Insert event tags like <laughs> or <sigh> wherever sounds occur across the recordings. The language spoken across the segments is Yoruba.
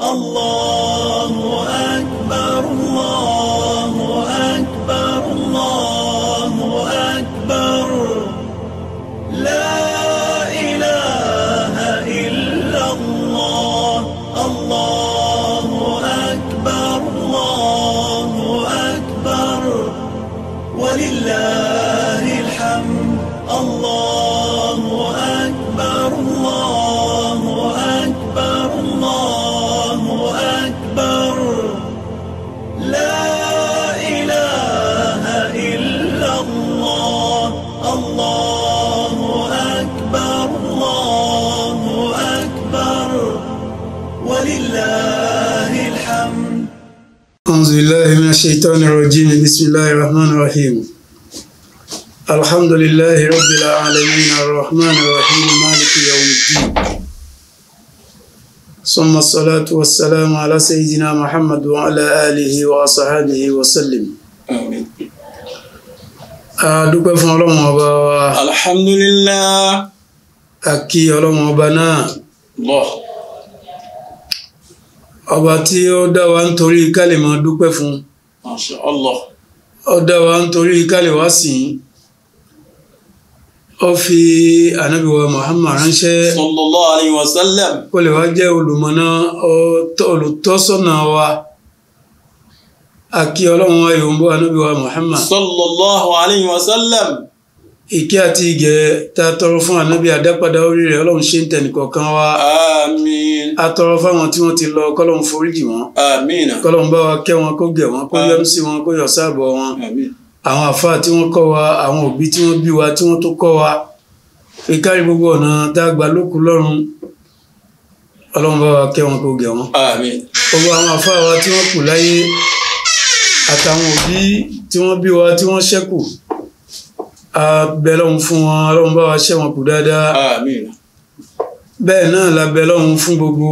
الله أكبر الشيطان الرجيم بسم الله الرحمن الرحيم الحمد لله رب العالمين الرحمن الرحيم مالك يوم الدين ثم الصلاة والسلام على سيدنا محمد وعلى آله وصحبه وسلم آمين adúpẹ́ fún ọlọ́run ọba wa alhamdulillah àkí الله ọba náà lọ ọba tí ó dá wa nítorí kálímọ̀ dúpẹ́ fún un Masha Allah. ó dá wa nítorí kálí wá sí i ó fi ànábì wa Muhammad ránṣẹ́. sallallahu alayhi wa sallam. kó lè wá jẹ́ olùmọ̀nà olùtọ́sọ́nà wa àkí ọlọ́run wa yòó ń bọ́ ìkẹ́ àti ìgẹ̀ tá a tọrọ fún ànábì àdápadà orí rẹ̀ ọlọ́run ṣe ń tẹnìkọ̀ọ̀kan wa. àmín. a tọrọ fáwọn tí wọ́n ti lọ kọ́lọ́run foríjì wọn. àmín. kọ́lọ́run bá wa kẹ́ wọn kó gẹ̀ wọn kó yọ́nú sí wọn kó yọ sáàbọ̀ wọn. àmín. àwọn àfa tí wọ́n kọ́ wa àwọn òbí tí wọ́n bí wa tí wọ́n tó kọ́ wa. ìkárí gbogbo ọ̀nà tá a gbà lókun lọ́run ọlọ́run bá wa kẹ́ wọn kó abẹ́lọ́hún fún wọn ọlọ́run bá wa ṣẹ́ wọn kù dáadáa bẹ́ẹ̀ náà labẹ́lọ́hún fún gbogbo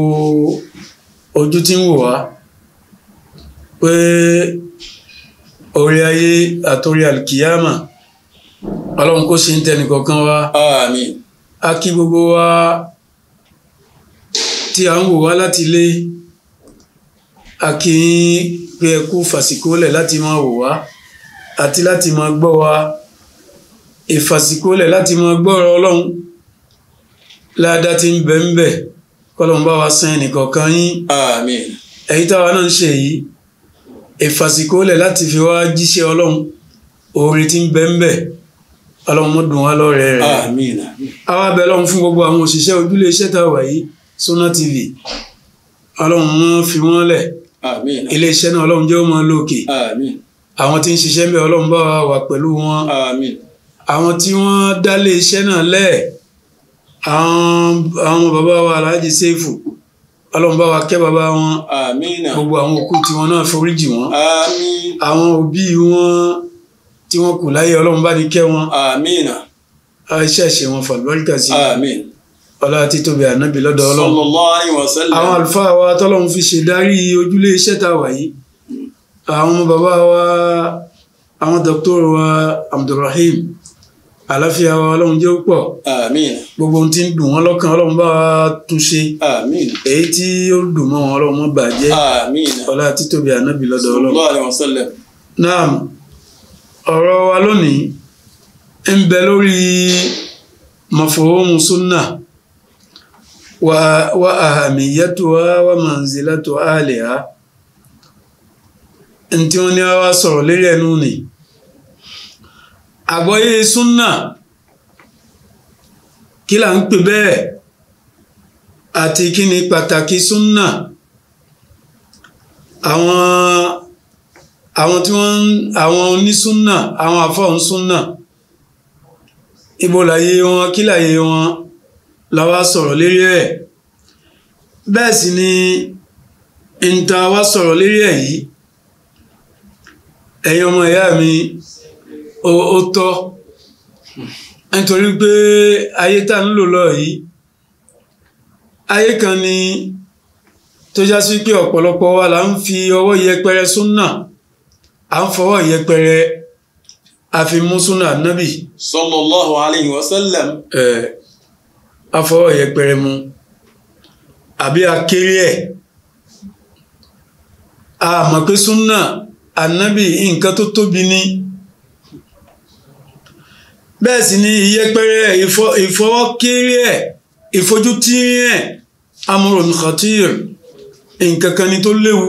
ojú tí ń wò wá pé orí ayé àtòrí alkiyama ọlọ́run kó ṣe ń tẹnì kọ̀ọ̀kan wa a kí gbogbo wa tí a ń wò wá láti ilé a kì í pé ẹ kú fàsìkò láti máa wò wá àti láti máa gbọ́ wa ìfàsíkólẹ̀ láti mọ gbọ́rọ̀ ọlọ́run láàdá tí ń bẹ ń bẹ kọlọ́run bá wa san ẹnìkọ̀ọ̀kan yín àmín èyí táwa náà ń ṣe yìí ìfàsíkólẹ̀ láti fi wá jíṣẹ́ ọlọ́run orin tí ń bẹ ń bẹ ọlọ́run mọ́ dùn wá lọ́rẹ̀ rẹ̀ àmín àwa bẹ ọlọ́run fún gbogbo àwọn òṣìṣẹ́ ojúlé iṣẹ́ tá a wà yìí Sunna TV ọlọ́run mọ́ fi wọ́n lẹ̀ ilé iṣẹ́ náà ọlọ́run jẹ́ ó mọ́ lókè àwọn tí ń ṣiṣẹ́ ń ọlọ́run bá wà pẹ̀lú wọn àwọn tí wọ́n dálé iṣẹ́ náà lẹ̀ àwọn àwọn bàbá wa Alhaji Seifu ọlọ́run bá wa kẹ́ bàbá wọn gbogbo àwọn òkú tiwọn náà foríjì wọn àwọn òbí wọn tí wọ́n kù láyé ọlọ́run bá ní kẹ́ wọn iṣẹ́ ṣe wọn fàlùbáríkà sí ọlá títóbi ànábì lọ́dọ̀ ọlọ́run àwọn àlùfáà wa tọ́lọ́run fi ṣe darí ojúlé iṣẹ́ tá a wà yìí àwọn bàbá wa àwọn dọ́kítọ́rù wa Abdulrahim àlàáfíà wa ọlọ́run jẹ́ púpọ̀. àmín. gbogbo ohun tí ń dùn wọ́n lọ́kàn ọlọ́run bá wa tún ṣe. àmín. èyí tí ó dùn mọ́ wọn ọlọ́run mọ́ bàjẹ́. ọlá títóbi ànábì lọ́dọ̀ ọlọ́run. sallallahu ọ̀rọ̀ wa lónìí ń bẹ lórí mafhumu sunna wa wa ahamiyatuha wa manzilatu aliha ntí wọ́n ní wá sọ̀rọ̀ lórí ẹnu nìyí àgbọ́yé súnà kí là ń pè bẹ́ẹ̀ àti kí ni pàtàkì súnà àwọn àwọn tí wọ́n àwọn onísúnà àwọn àfọ̀hún súnà ibo wọn kí làyè wọn la sọ̀rọ̀ lérí ẹ̀ bẹ́ẹ̀ sì ni ìta wá sọ̀rọ̀ lérí ẹ̀ yìí ẹ̀yin ọmọ ìyá mi. ó tọ́ nítorí pé ayé tá ń lò lọ yìí ayé kan ni tó já sí pé ọ̀pọ̀lọpọ̀ wa là ń fi ọwọ́ yẹpẹrẹ súnà à ń fọwọ́ yẹpẹrẹ àfi mú súnà nábì. sallallahu alayhi wa sallam. ẹ a fọwọ́ yẹpẹrẹ mu àbí akéré ẹ̀ a mọ̀ pé súnà ànábì nǹkan tó tóbi ní. bẹ́ẹ̀ sì ni ìyẹpẹrẹ ìfọwọ́kéré ẹ̀ ìfojútírí ẹ̀ amúrònù khatir nǹkan kan ni tó léwu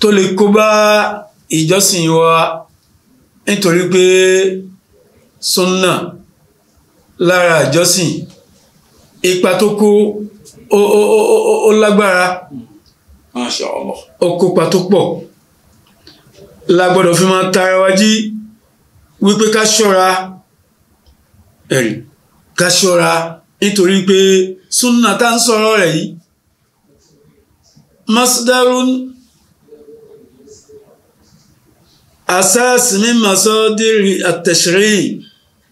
tó lè kó bá ìjọsìn wa nítorí pé sunna lára ìjọsìn ipa tó kó ó lágbára ó kópa tó pọ̀ la gbọ́dọ̀ fi máa tara wa wípé ká ṣọ́ra ẹ̀rì ká ṣọ́ra nítorí pé súnà tá ń sọ̀rọ̀ rẹ̀ yìí masdarun asas min masadiri at-tashri'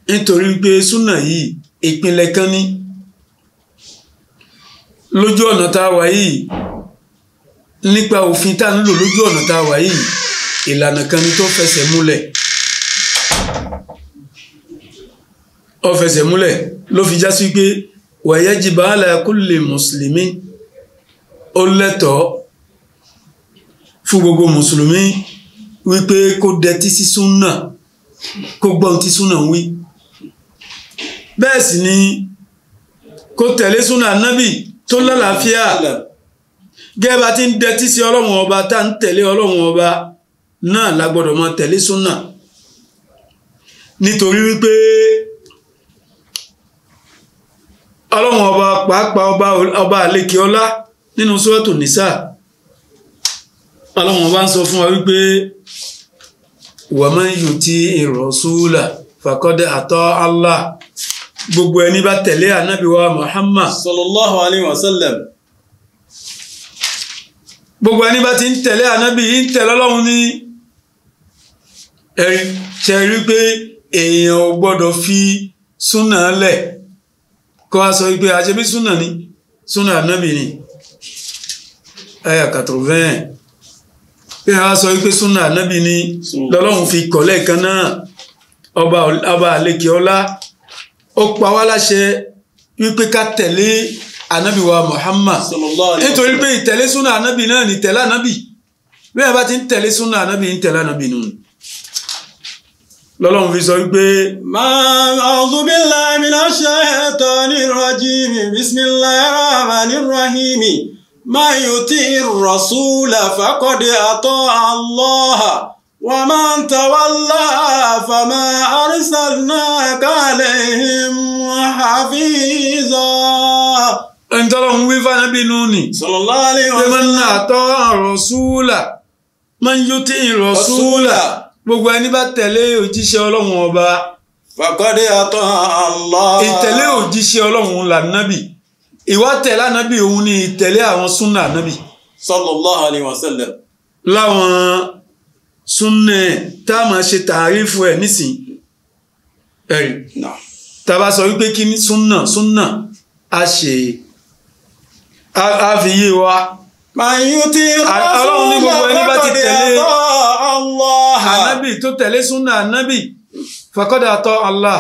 nítorí pé súnà yìí ìpìlẹ̀ kan ní lójú ọ̀nà tá a wà yìí nípa òfin tá a ń lójú ọ̀nà tá a wà yìí ìlànà kan ní tó fẹsẹ̀ múlẹ̀. ó fẹsẹ̀ múlẹ̀ ló fi já sí pé wa yajibu ala kulli mùsùlùmí ó lẹ́tọ̀ọ́ fún gbogbo mùsùlùmí wípé kó dẹtí sí súnà kó gbọ́n tí súnà ń wí bẹ́ẹ̀ sì ni kó tẹ̀lé súnà nábì tó lálàáfíà gẹ́ẹ̀bá tí ń dẹtí sí ọlọ́run ọba tá ń tẹ̀lé ọlọ́run ọba náà la gbọ́dọ̀ tẹ̀lé súnà nítorí wípé ọlọ́run ọba pàápàá ọba ọba àlekè ọlá nínú sọ́ọ̀tù nìsà ọlọ́run ọba ń sọ fún wa wípé wàmọ́ yìí ti ìrọ̀súlà fàkọ́dẹ̀ àtọ́ Allah gbogbo ẹni bá tẹ̀lé ànábì wa Muhammad sallallahu alaihi wasallam sallam gbogbo ẹni bá ti ń tẹ̀lé ànábì yìí ń tẹ̀lé ọlọ́run ní ẹ̀rí ṣe rí pé èèyàn gbọ́dọ̀ fi súnà lẹ̀ kọ́ a sọ wípé àṣẹ súnà ni súnà ànábì ni àyà kàtòvẹ́n pé a sọ wípé súnà ànábì ni lọ́lọ́run fi kọ́ lẹ́ẹ̀kan náà ọba ọba àlekè ọlá ó pa wá láṣẹ wípé ká tẹ̀lé ànábì wa Muhammad nítorí pé ìtẹ̀lé súnà ànábì náà ni tẹ̀lé ànábì a bá ti ń tẹ̀lé súnà ànábì ń lọ́lọ́run fi sọ wípé. máa a'udhu billahi minash shaitanir rajim bismillahir rahmanir rahim máa yuti'ir rasula faqad ata'a Allah wa man tawalla fama arsalnaka alayhim hafiza ẹnitọ́lọ́hún wí fánábì nù ni. sallallahu alayhi wa sallam. tẹ́mánà àtọ́ àrọ̀súlà máa ń yóò tí ì rọ̀súlà gbogbo ẹni bá tẹ̀lé òjíṣẹ́ ọlọ́run ọba. fàkọ́dé àtọ́ Allah. ìtẹ̀lé òjíṣẹ́ ọlọ́run lànàbì ìwà tẹ̀lé ànàbì òun ni ìtẹ̀lé àwọn súnà ànàbì. sallallahu alaihi wasallam. láwọn súnà tá a máa ṣe tààrífù ẹ̀ nísìn ẹ̀rì tàbá sọ wípé kí ni súnà súnà a ṣe a fi yé wa. màá yóò ti rọ́ọ̀sùn lọ́kọ̀dé àtọ́ Allah ànábì tó tẹ̀lé súnà ànábì fàkọ́dà tọ́ Allah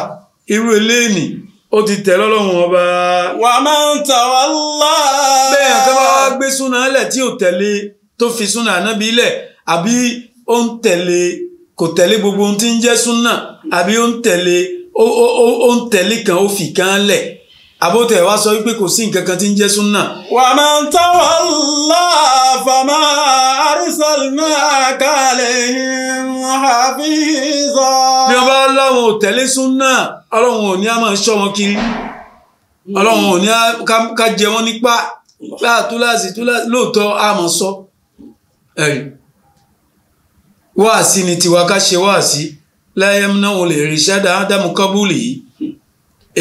irú eléyìí ó ti tẹ̀ lọ́lọ́run ọba. wà á máa ń tà wá lá. bẹ́ẹ̀ àtàwọn wa gbé súnà lẹ̀ tí ò tẹ̀lé tó fi súnà ànábì lẹ̀ àbí ó ń tẹ̀lé kò tẹ̀lé gbogbo ohun tí ń jẹ́ súnà àbí ó ń tẹ̀lé kan ó fi kan lẹ̀ àbótẹ wa sọ wípé kò sí nǹkan kan tí ń jẹ́ súnà. wa man tawalla fama arsalnaka alayhim hafiza. bí wọ́n bá láwọn ò tẹ̀lé súnà ọlọ́run ò ní a máa ń ṣọ́ wọn kiri ọlọ́run ò ní ká jẹ wọ́n nípa láàtúláàsì túláàsì lóòótọ́ a máa sọ wáàsí ni tiwa ká ṣe wáàsí la yamna'u li irshad ádámù kábùlì yìí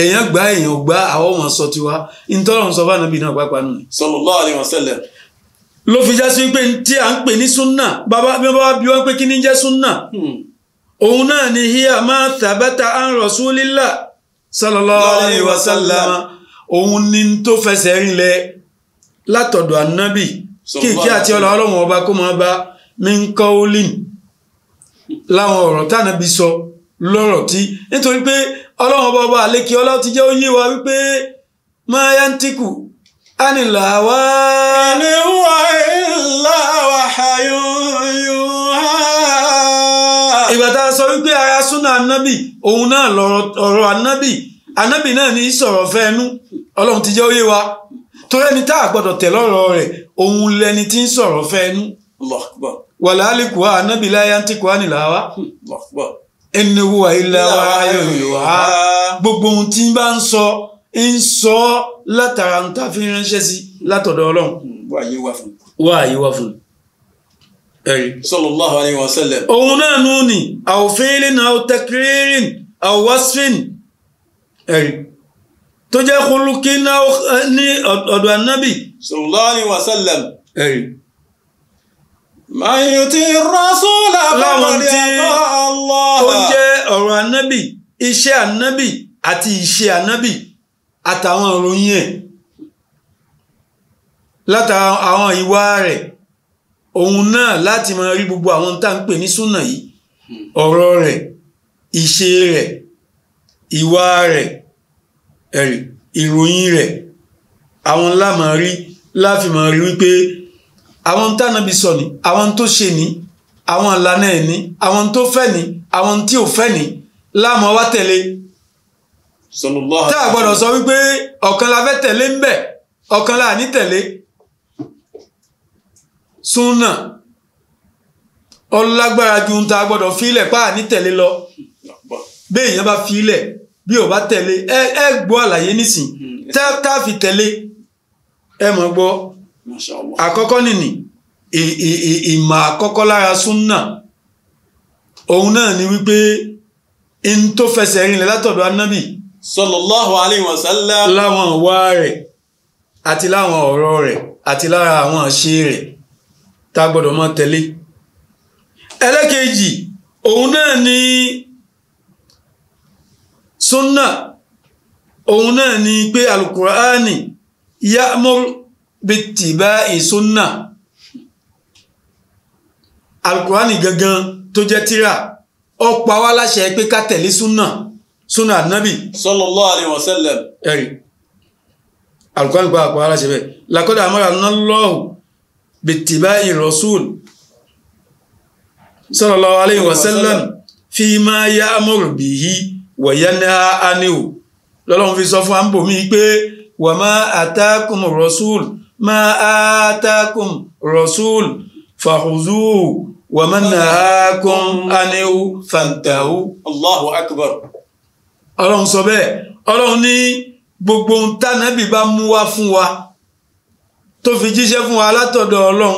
èèyàn gba èèyàn gba àwọn ọmọ sọ tiwa ntọ́lọ́ sọ fún anabi náà pápá nù. sallallahu alaihi wasallam. ló fi já sí pé tí a ń pè ní súnà bàbá bí wọ́n bí wọ́n pé kí ni jẹ́ súnà. Hmm. òun náà ni hiya ma thabata an rasulillah sallallahu alaihi wasallam òun ni tó fẹsẹ̀ rinlẹ̀ látọ̀dọ̀ anabi kí ìkí àti ọlọ́run ọba kó máa bá min qawlin láwọn ọ̀rọ̀ tánàbí sọ lọ́rọ̀ tí nítorí pé ọlọ́run ọba ọba àlékè ọlá ti jẹ́ ó wa wípé máa yá ń tìkù á ní là wá. ní wà ilà wà hayóyó. ìgbà tá a sọ wípé ara súnà anábì òun náà lọ̀rọ̀ anábì anábì náà ní sọ̀rọ̀ fẹ́ẹ́nu ọlọ́run ti jẹ́ ó wa torí ẹni tá a gbọ́dọ̀ tẹ̀ lọ́rọ̀ rẹ̀ òun lẹni tí ń sọ̀rọ̀ fẹ́ẹ́nu. wàlálìkùá anábì láyá ń tìkù á ní là wá. ẹnìwó àìláwá ayọ̀yọ̀há gbogbo ohun tí bá ń sọ ń sọ látara ń ta fi ránṣẹ́ sí látọ̀dọ̀ ọlọ́run. wà á yé fún. wà á yé fún. ẹ̀rí. sallallahu alayhi wa sallam. òun náà nù ní aw fi'lin aw takririn aw wasfin. ẹ̀rí tó jẹ́ kulukin ní ọ̀dọ̀ ànábì. sallallahu alayhi wa sallam. ẹ̀rí mayuti rasúlà fọmọdé àtọ Allah. ó jẹ́ anabi ànábì iṣẹ́ ànábì àti ìṣe ànábì àtàwọn ìròyìn ẹ̀ látara àwọn ìwà rẹ̀ òun náà láti máa rí gbogbo àwọn tá à ń pè ní súnà yìí ọ̀rọ̀ rẹ̀ ìṣe rẹ̀ ìwà rẹ̀ ìròyìn rẹ̀ àwọn lámàá láfi máa rí wípé àwọn tánàbí sọ ni àwọn tó ṣe ni àwọn ìlànà ẹ̀ ni àwọn tó fẹ́ ni àwọn tí ò fẹ́ ni láàmú ọwá tẹ̀lé tá a gbọ́dọ̀ sọ wípé ọ̀kan la fẹ́ tẹ̀lé ń bẹ̀ ọ̀kan la ní tẹ̀lé súnà ọlágbára ju ń ta gbọ́dọ̀ fílẹ̀ pa ní tẹ̀lé lọ bẹ́ẹ̀ èèyàn bá fílẹ̀ bí ò bá tẹ̀lé ẹ gbọ́ àlàyé nísìn hmm. tá a fi tẹ̀lé ẹ mọ̀ gbọ́ àkọ́kọ́ nìní ìmọ̀ àkọ́kọ́ lára súnà òun náà ni wípé in tó fẹsẹ̀ rinlẹ̀ látọ̀dọ̀ anábì sallallahu alayhi wa sallam láwọn ìwà rẹ̀ àti láwọn ọ̀rọ̀ rẹ̀ àti lára àwọn àṣe rẹ̀ tá gbọ́dọ̀ máa tẹ̀lé ẹlẹ́kejì òun náà ni súnà òun náà ni pé alukur'ani ya'mur bitiba ìsúnà alukurani gangan tó jẹ́ tírà ó pa wá láṣẹ pé ká tẹ̀lé súnà súnà ànábì. sallallahu alaihi wasallam. ẹ̀rí alukurani pa àpò aláṣẹ bẹ́ẹ̀ laqad amara Allahu bitiba'i rasul sallallahu alaihi wasallam fima ya'muru bihi wa yanha anhu lọ́lọ́run fi sọ fún àǹbòmí pé wa ma atakumur rasul. ما آتاكم رسول فخذوه ومن نهاكم عنه فانتهوا الله أكبر ọlọ́run sọ bẹ́ẹ̀ ọlọ́run ní gbogbo ohun tánàbì bá mú wá fún wa tó fi jíṣẹ́ fún wa látọ̀dọ̀ ọlọ́run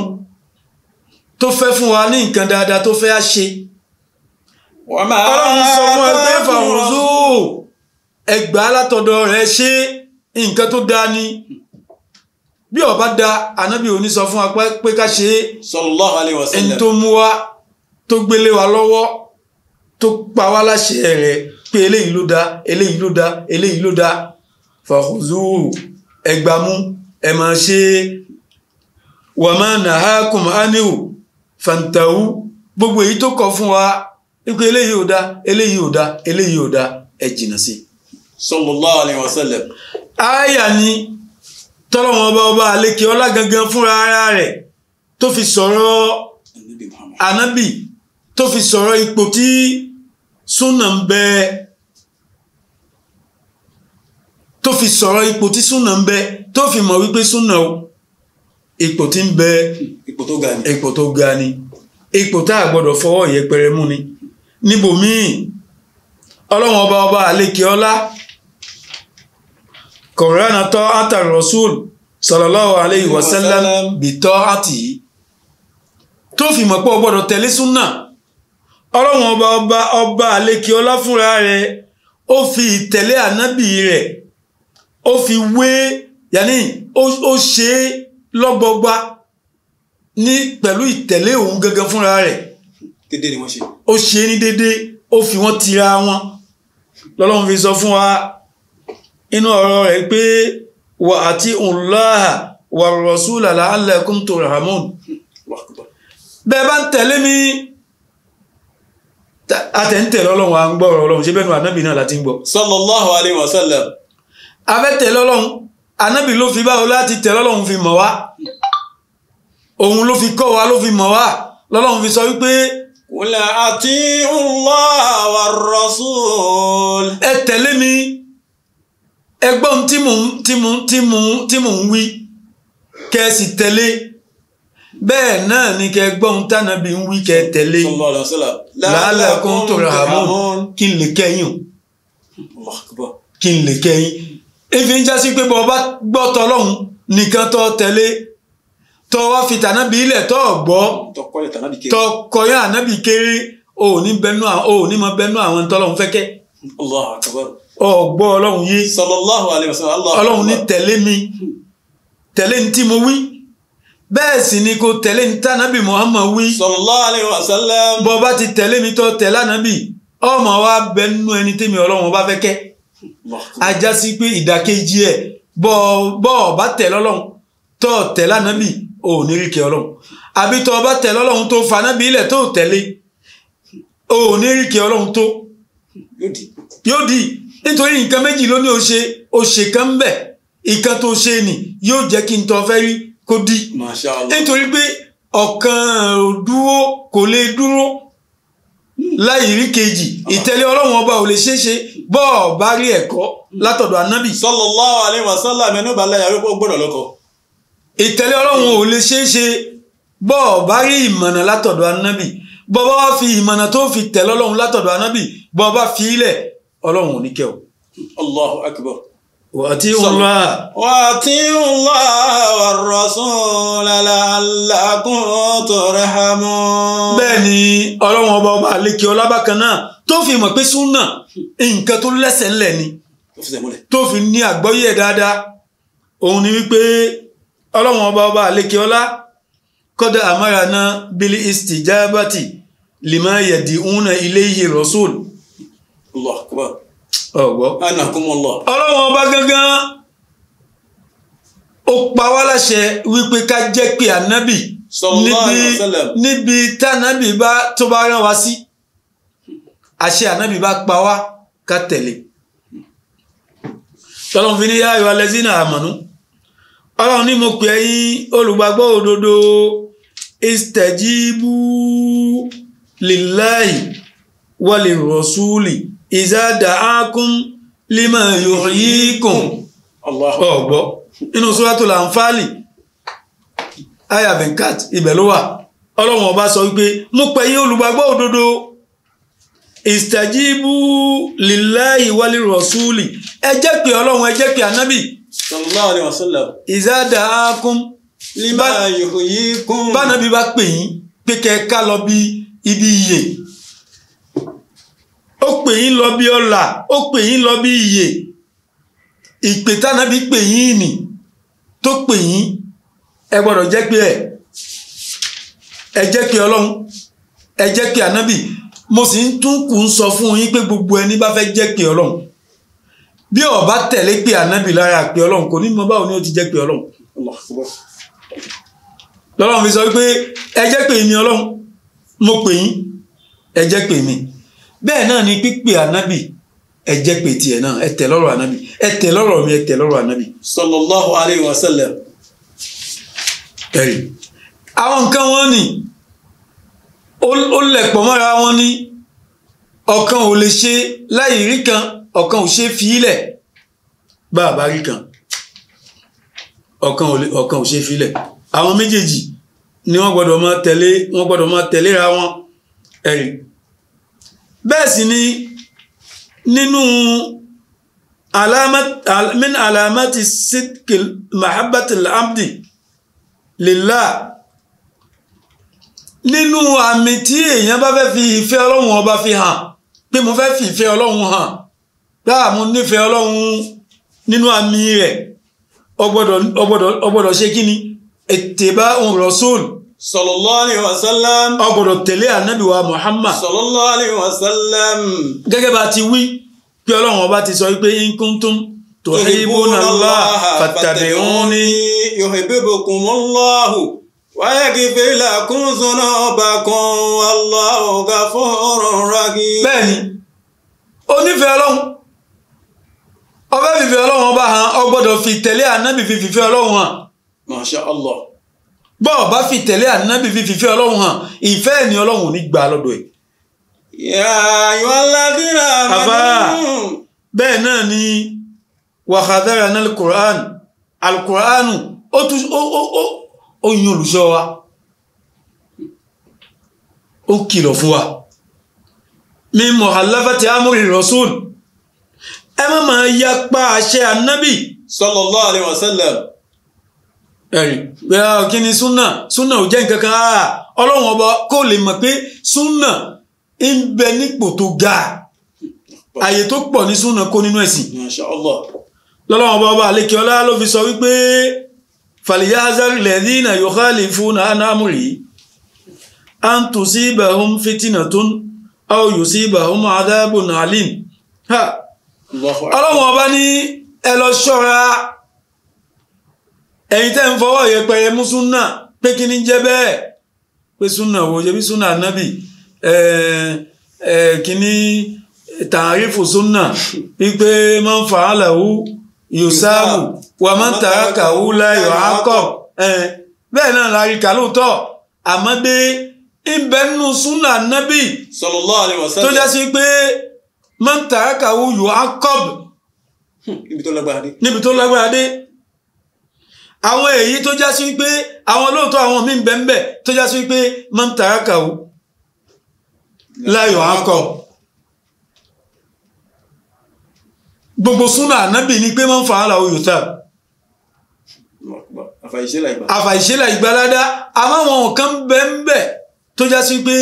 tó fẹ́ fún wa ní nǹkan dáadáa tó fẹ́ ṣe ọlọ́run sọ fún ẹgbẹ́ fàwọn zoo ẹgbàá látọ̀dọ̀ rẹ̀ ṣe nǹkan tó dáa ni bí ọba da anabi òní sọ fún wa pé ká ṣe é sallallahu alaihi wasallam ẹni tó mú wa tó gbélé wa lọ́wọ́ tó pa wá láṣẹ rẹ̀ pé eléyìí ló da eléyìí ló da eléyìí ló da fàkùzúù ẹgbàmú ẹ máa ṣe é wa ma nahakum anihu fantahu gbogbo èyí tó kọ fún wa pé eléyìí ò da eléyìí ò da eléyìí ò da ẹ jìnnà sí. sallallahu alaihi wasallam. aya ni tọ́lọ́wọ́n ọba ọba àlékè ọlá gangan fúnra ara rẹ̀ tó fi sọ̀rọ̀ ànábì tó fi sọ̀rọ̀ ipò tí súnà ń bẹ tó fi sọ̀rọ̀ ipò tí súnà ń bẹ tó fi mọ̀ wípé súnà o ipò tí ń bẹ ipò tó ga ni ipò tá a gbọ́dọ̀ fọwọ́ yẹpẹrẹ mú ni níbòmíì ọlọ́wọ́n ọba ọba àlékè ọlá kọ̀rọ̀nà tọ́ àtàrí rasul sallallahu alayhi wa sallam bí tọ́ àti yìí tó fi mọ̀ pé o gbọ́dọ̀ tẹ̀lé súnà ọlọ́run ọba ọba ọba àlekè ọlá fúnra rẹ̀ ó fi ìtẹ̀lé ànábì rẹ̀ ó fi wé yàní ó ṣe é lọ́gbọgba ní pẹ̀lú ìtẹ̀lé òun gangan fúnra rẹ̀ ni wọ́n ṣe ó ṣe é ní dédé ó fi wọ́n tira wọn lọ́lọ́run fi sọ fún wa inú ọ̀rọ̀ rẹ̀ pé wà àti ùnláhà wà rọ̀súlà la'allakum turhamun bẹ́ẹ̀ bá ń tẹ̀lé mi àtẹ̀ntẹ̀lẹ́ ọlọ́run à ń gbọ́ ọ̀rọ̀ ọlọ́run ṣe bẹ́ẹ̀ nu ànábì náà láti ń gbọ́. sallallahu alayhi wa sallam. afẹ́tẹ̀lẹ́ ọlọ́run ànábì ló fi báwo ẹ tẹ̀lé mi ẹgbọ́n tí mò ń tí mò ń tí mò ń tí mò ń wí kẹ́ ẹ sì tẹ̀lé bẹ́ẹ̀ náà ni kẹ́ gbọ́n tánàbí ń wí kẹ́ tẹ̀lé làálàkún tòràmù kí n lè kẹ́yìn kí n lè kẹ́yìn efi ń jásí pé bọ́ bá gbọ́ tọlọ́hun nìkan tọ́ tẹ̀lé tọ́ wá fi tànàbí ilẹ̀ tọ́ gbọ́ tọ́ kọyán ànábì kéré òní mọ bẹnu àwọn tọlọ́hun fẹ́kẹ́ ọgbọ́ ọlọ́run yìí sallallahu alaihi wasallam ọlọ́run ní tẹ̀lé mi tẹ̀lé ní tí mo wí bẹ́ẹ̀ sì ni kò tẹ̀lé ní tànàbì Muhammad wí sallallahu alaihi wasallam bọ́ bá ti tẹ̀lé mi tọ́ tẹ̀lé ànábì ọmọ wa bẹ nínú ẹni tẹ́mi ọlọ́run bá fẹ́ kẹ́ ajá sí pé ìdàkejì ẹ̀ bọ́ ọ bá tẹ̀lé ọlọ́run tọ́ tẹ̀lé ànábì ò ní rí kẹ́ ọlọ́run àbí tọ́ ọ bá tẹ̀lé ọlọ́run tó fa ànábì ilẹ̀ tó tẹ̀lé ò ní rí kẹ́ ọlọ́run tó yóò dì í nítorí nǹkan méjì ló ní o ṣe o ṣe kan bẹ̀ nǹkan tó ṣe ni yóò jẹ́ kí n tọ́ fẹ́ rí kó di nítorí pé ọ̀kan dúró kò lè dúró láì rí kejì ìtẹ̀lé ọlọ́run ọba ò lè ṣeé ṣe bọ́ọ̀ bá rí ẹ̀kọ́ látọ̀dọ̀ anábì. sallallahu alaihi wasallam ẹni bá láyà wípé ó gbọ́dọ̀ lọ́kọ. ìtẹ̀lé ọlọ́run ò lè ṣeé ṣe bọ́ọ̀ bá rí ìmọ̀nà látọ̀dọ̀ anábì bọ́ọ̀ bá fi ìmọ̀nà tó fi tẹ̀lé ọlọ́run látọ̀dọ̀ anábì bọ́ọ̀ bá fi ilẹ̀ ọlọ́run ò ní kẹ́ o. الله وأطيعوا الله والرسول لعلكم ترحمون. bẹ́ẹ̀ni Ọlọ́run ọba ọba àlekè ọlábàkan náà tó fi mọ̀ pé súnà nǹkan tó lẹ́sẹ̀ ńlẹ̀ ni tó fi ní àgbọ́yé dáadáa òun ni wípé Ọlọ́run ọba ọba àlekè ọlá kọ́dà àmàrànà bílí istijabati lima yẹ̀dì òun náà ilayhi rasul ọgbọ́. ọlọ́run ọba gangan ó pa wá láṣẹ wípé ká jẹ́ pé ànábì níbi tánábì bá tó bá rán wa sí àṣẹ ànábì bá pa wá ká tẹ̀lé tọ́lọ́run fi ní yá ayọ̀ alẹ́ sínú àmọ̀nú ọlọ́run ní mo pè ẹ̀yin olùgbàgbọ́ òdodo istajibu lillahi wa lirrasuli ìzá dàákùn límà yuhyikum ọ̀gbọ́ inú Suratul Anfali aya benkat ibẹ̀ ló wà ọlọ́run ọba sọ wípé mú pẹ̀ yín olùgbàgbọ́ òdodo ìsìtàjíbù lillahi wálé rọ̀súùlì ẹ jẹ́ pé ọlọ́run ẹ jẹ́ pé ànábì sallallahu alaihi wasallam ìzá dàákùn límà yuhyikum bánàbí bá pè yín pé kẹ́ ká lọ bí ibi iyè ó pè yín lọ bí ọlà ó pè yín lọ bí iyè ìpè tánàbí pè yín nì tó pè yín ẹ gbọ́dọ̀ jẹ́ pé ẹ ẹ jẹ́ pé ọlọ́run ẹ jẹ́ pé ànábì mo sì ń tún kù ń sọ fún yín pé gbogbo ẹni bá fẹ́ jẹ́ pé ọlọ́run bí ó bá tẹ̀lé pé ànábì lára pé ọlọ́run kò ní mọ báwo ni ó ti jẹ́ pé ọlọ́run lọ́lọ́run fi sọ pé ẹ jẹ́ pé mi ọlọ́run mo pè yín ẹ jẹ́ pé mi bẹ́ẹ̀ náà ni pípè ànábì ẹ jẹ́ pé tiẹ̀ náà ẹ tẹ̀ lọ́rọ̀ ànábì ẹ tẹ̀ lọ́rọ̀ mi ẹ tẹ̀ lọ́rọ̀ ànábì. sallallahu alayhi wa sallam. ẹ̀rì àwọn nǹkan wọn ni ó lẹ̀ pọ̀ mọ́ra wọn ní ọ̀kan ò lè ṣe láì rí kan ọ̀kan ò ṣe fílẹ̀ bá a bá rí kan ọ̀kan ò ṣe fílẹ̀ àwọn méjèèjì ni wọ́n gbọ́dọ̀ máa tẹ̀lé wọ́n gbọ́dọ̀ máa tẹ̀léra wọn ẹ̀rì bẹ́ẹ̀ sì ni nínú min alamati sidqi mahabbatil abdi lillah nínú àmì tí èèyàn bá fẹ́ fi ìfẹ́ ọlọ́run ọba fi hàn pé mo fẹ́ fi ìfẹ́ ọlọ́run hàn dáa mo nífẹ̀ẹ́ ọlọ́run nínú àmì rẹ̀ ọgbọ́dọ̀ ṣe kí ni ittiba'ur rasul sallallahu alayhi wa sallam. ó gbọ́dọ̀ tẹ̀lé anabi wa muhammad. sallallahu alayhi wa sallam. gẹ́gẹ́ bá a ti wí pé ọlọ́run ọba ti sọ pé in kuntum tuhibbuna Allah fattabi'uni. yuhibbukumullahu wa yaghfir lakum dhunubakum wallahu ghafurur rahim. bẹ́ẹ̀ni onífẹ̀ẹ́ ọlọ́run ọbẹ̀ fífẹ́ ọlọ́run ọba hàn ó gbọ́dọ̀ fi tẹ̀lé anabi fífẹ́ ọlọ́run hàn. masha allah bọ́ ọ bá fi tẹ̀lé ànábì fi fìfẹ́ ọlọ́run hàn ìfẹ́ ẹ̀ ní ọlọ́run ò ní gbà lọ́dọ̀ ẹ̀. yàyọ aládìrà àmàlú. bẹ́ẹ̀ náà ni wàhádàrà náà alukur'an alukur'an ó tún ó ó ó ó olùṣọ́ wa ó kìlọ̀ fún wa mi mọ̀hálàfàtì amúrì rọ̀ṣùn ẹ má máa yapa àṣẹ ànábì. sallallahu alaihi wasallam ẹ̀rìn kí ni súnà súnà ò jẹ́ nǹkan kan ọlọ́run ọba kó lè mọ̀ pé súnà ń bẹ nípò tó ga àyè tó pọ̀ ní súnà kó nínú ẹ̀sìn lọ́lọ́run ọba ọba àlekè ọlá ló fi sọ wípé fàlìyáhazárì lẹ́dínà yọ̀hálì fún anámùrì an tusibahum fitinatun aw yusibahum adabun alim ọlọ́run ọba ní ẹ lọ ṣọ́ra ẹ̀yin tẹ́ ń fọwọ́ yẹpẹrẹ mú súnà pé kí ni jẹ́ bẹ́ẹ̀ pé súnà wo ṣe bí súnà nábì kí ni tààrífù súnà wípé máa ń fà á làwù yòsáàbù wà máa ń tàrà kàwù láyò àkọ́ bẹ́ẹ̀ náà la rí kàlóòtọ́ àmọ́ dé ibẹ̀ nínú súnà nábì tó jásí pé máa ń tàrà kàwù yòákọ́b níbi tó lágbára dé àwọn èyí tó já sí wípé àwọn olóòótọ́ àwọn míì bẹ́ẹ̀ tó já sí wípé máa ń tàrákà o láyọ̀ akọ. gbogbo súnà ànábì ni pé máa ń fa ara oyò tá àfàìṣẹ́là ìgbàládá àmọ́ àwọn nǹkan bẹ́ẹ̀ tó já sí pé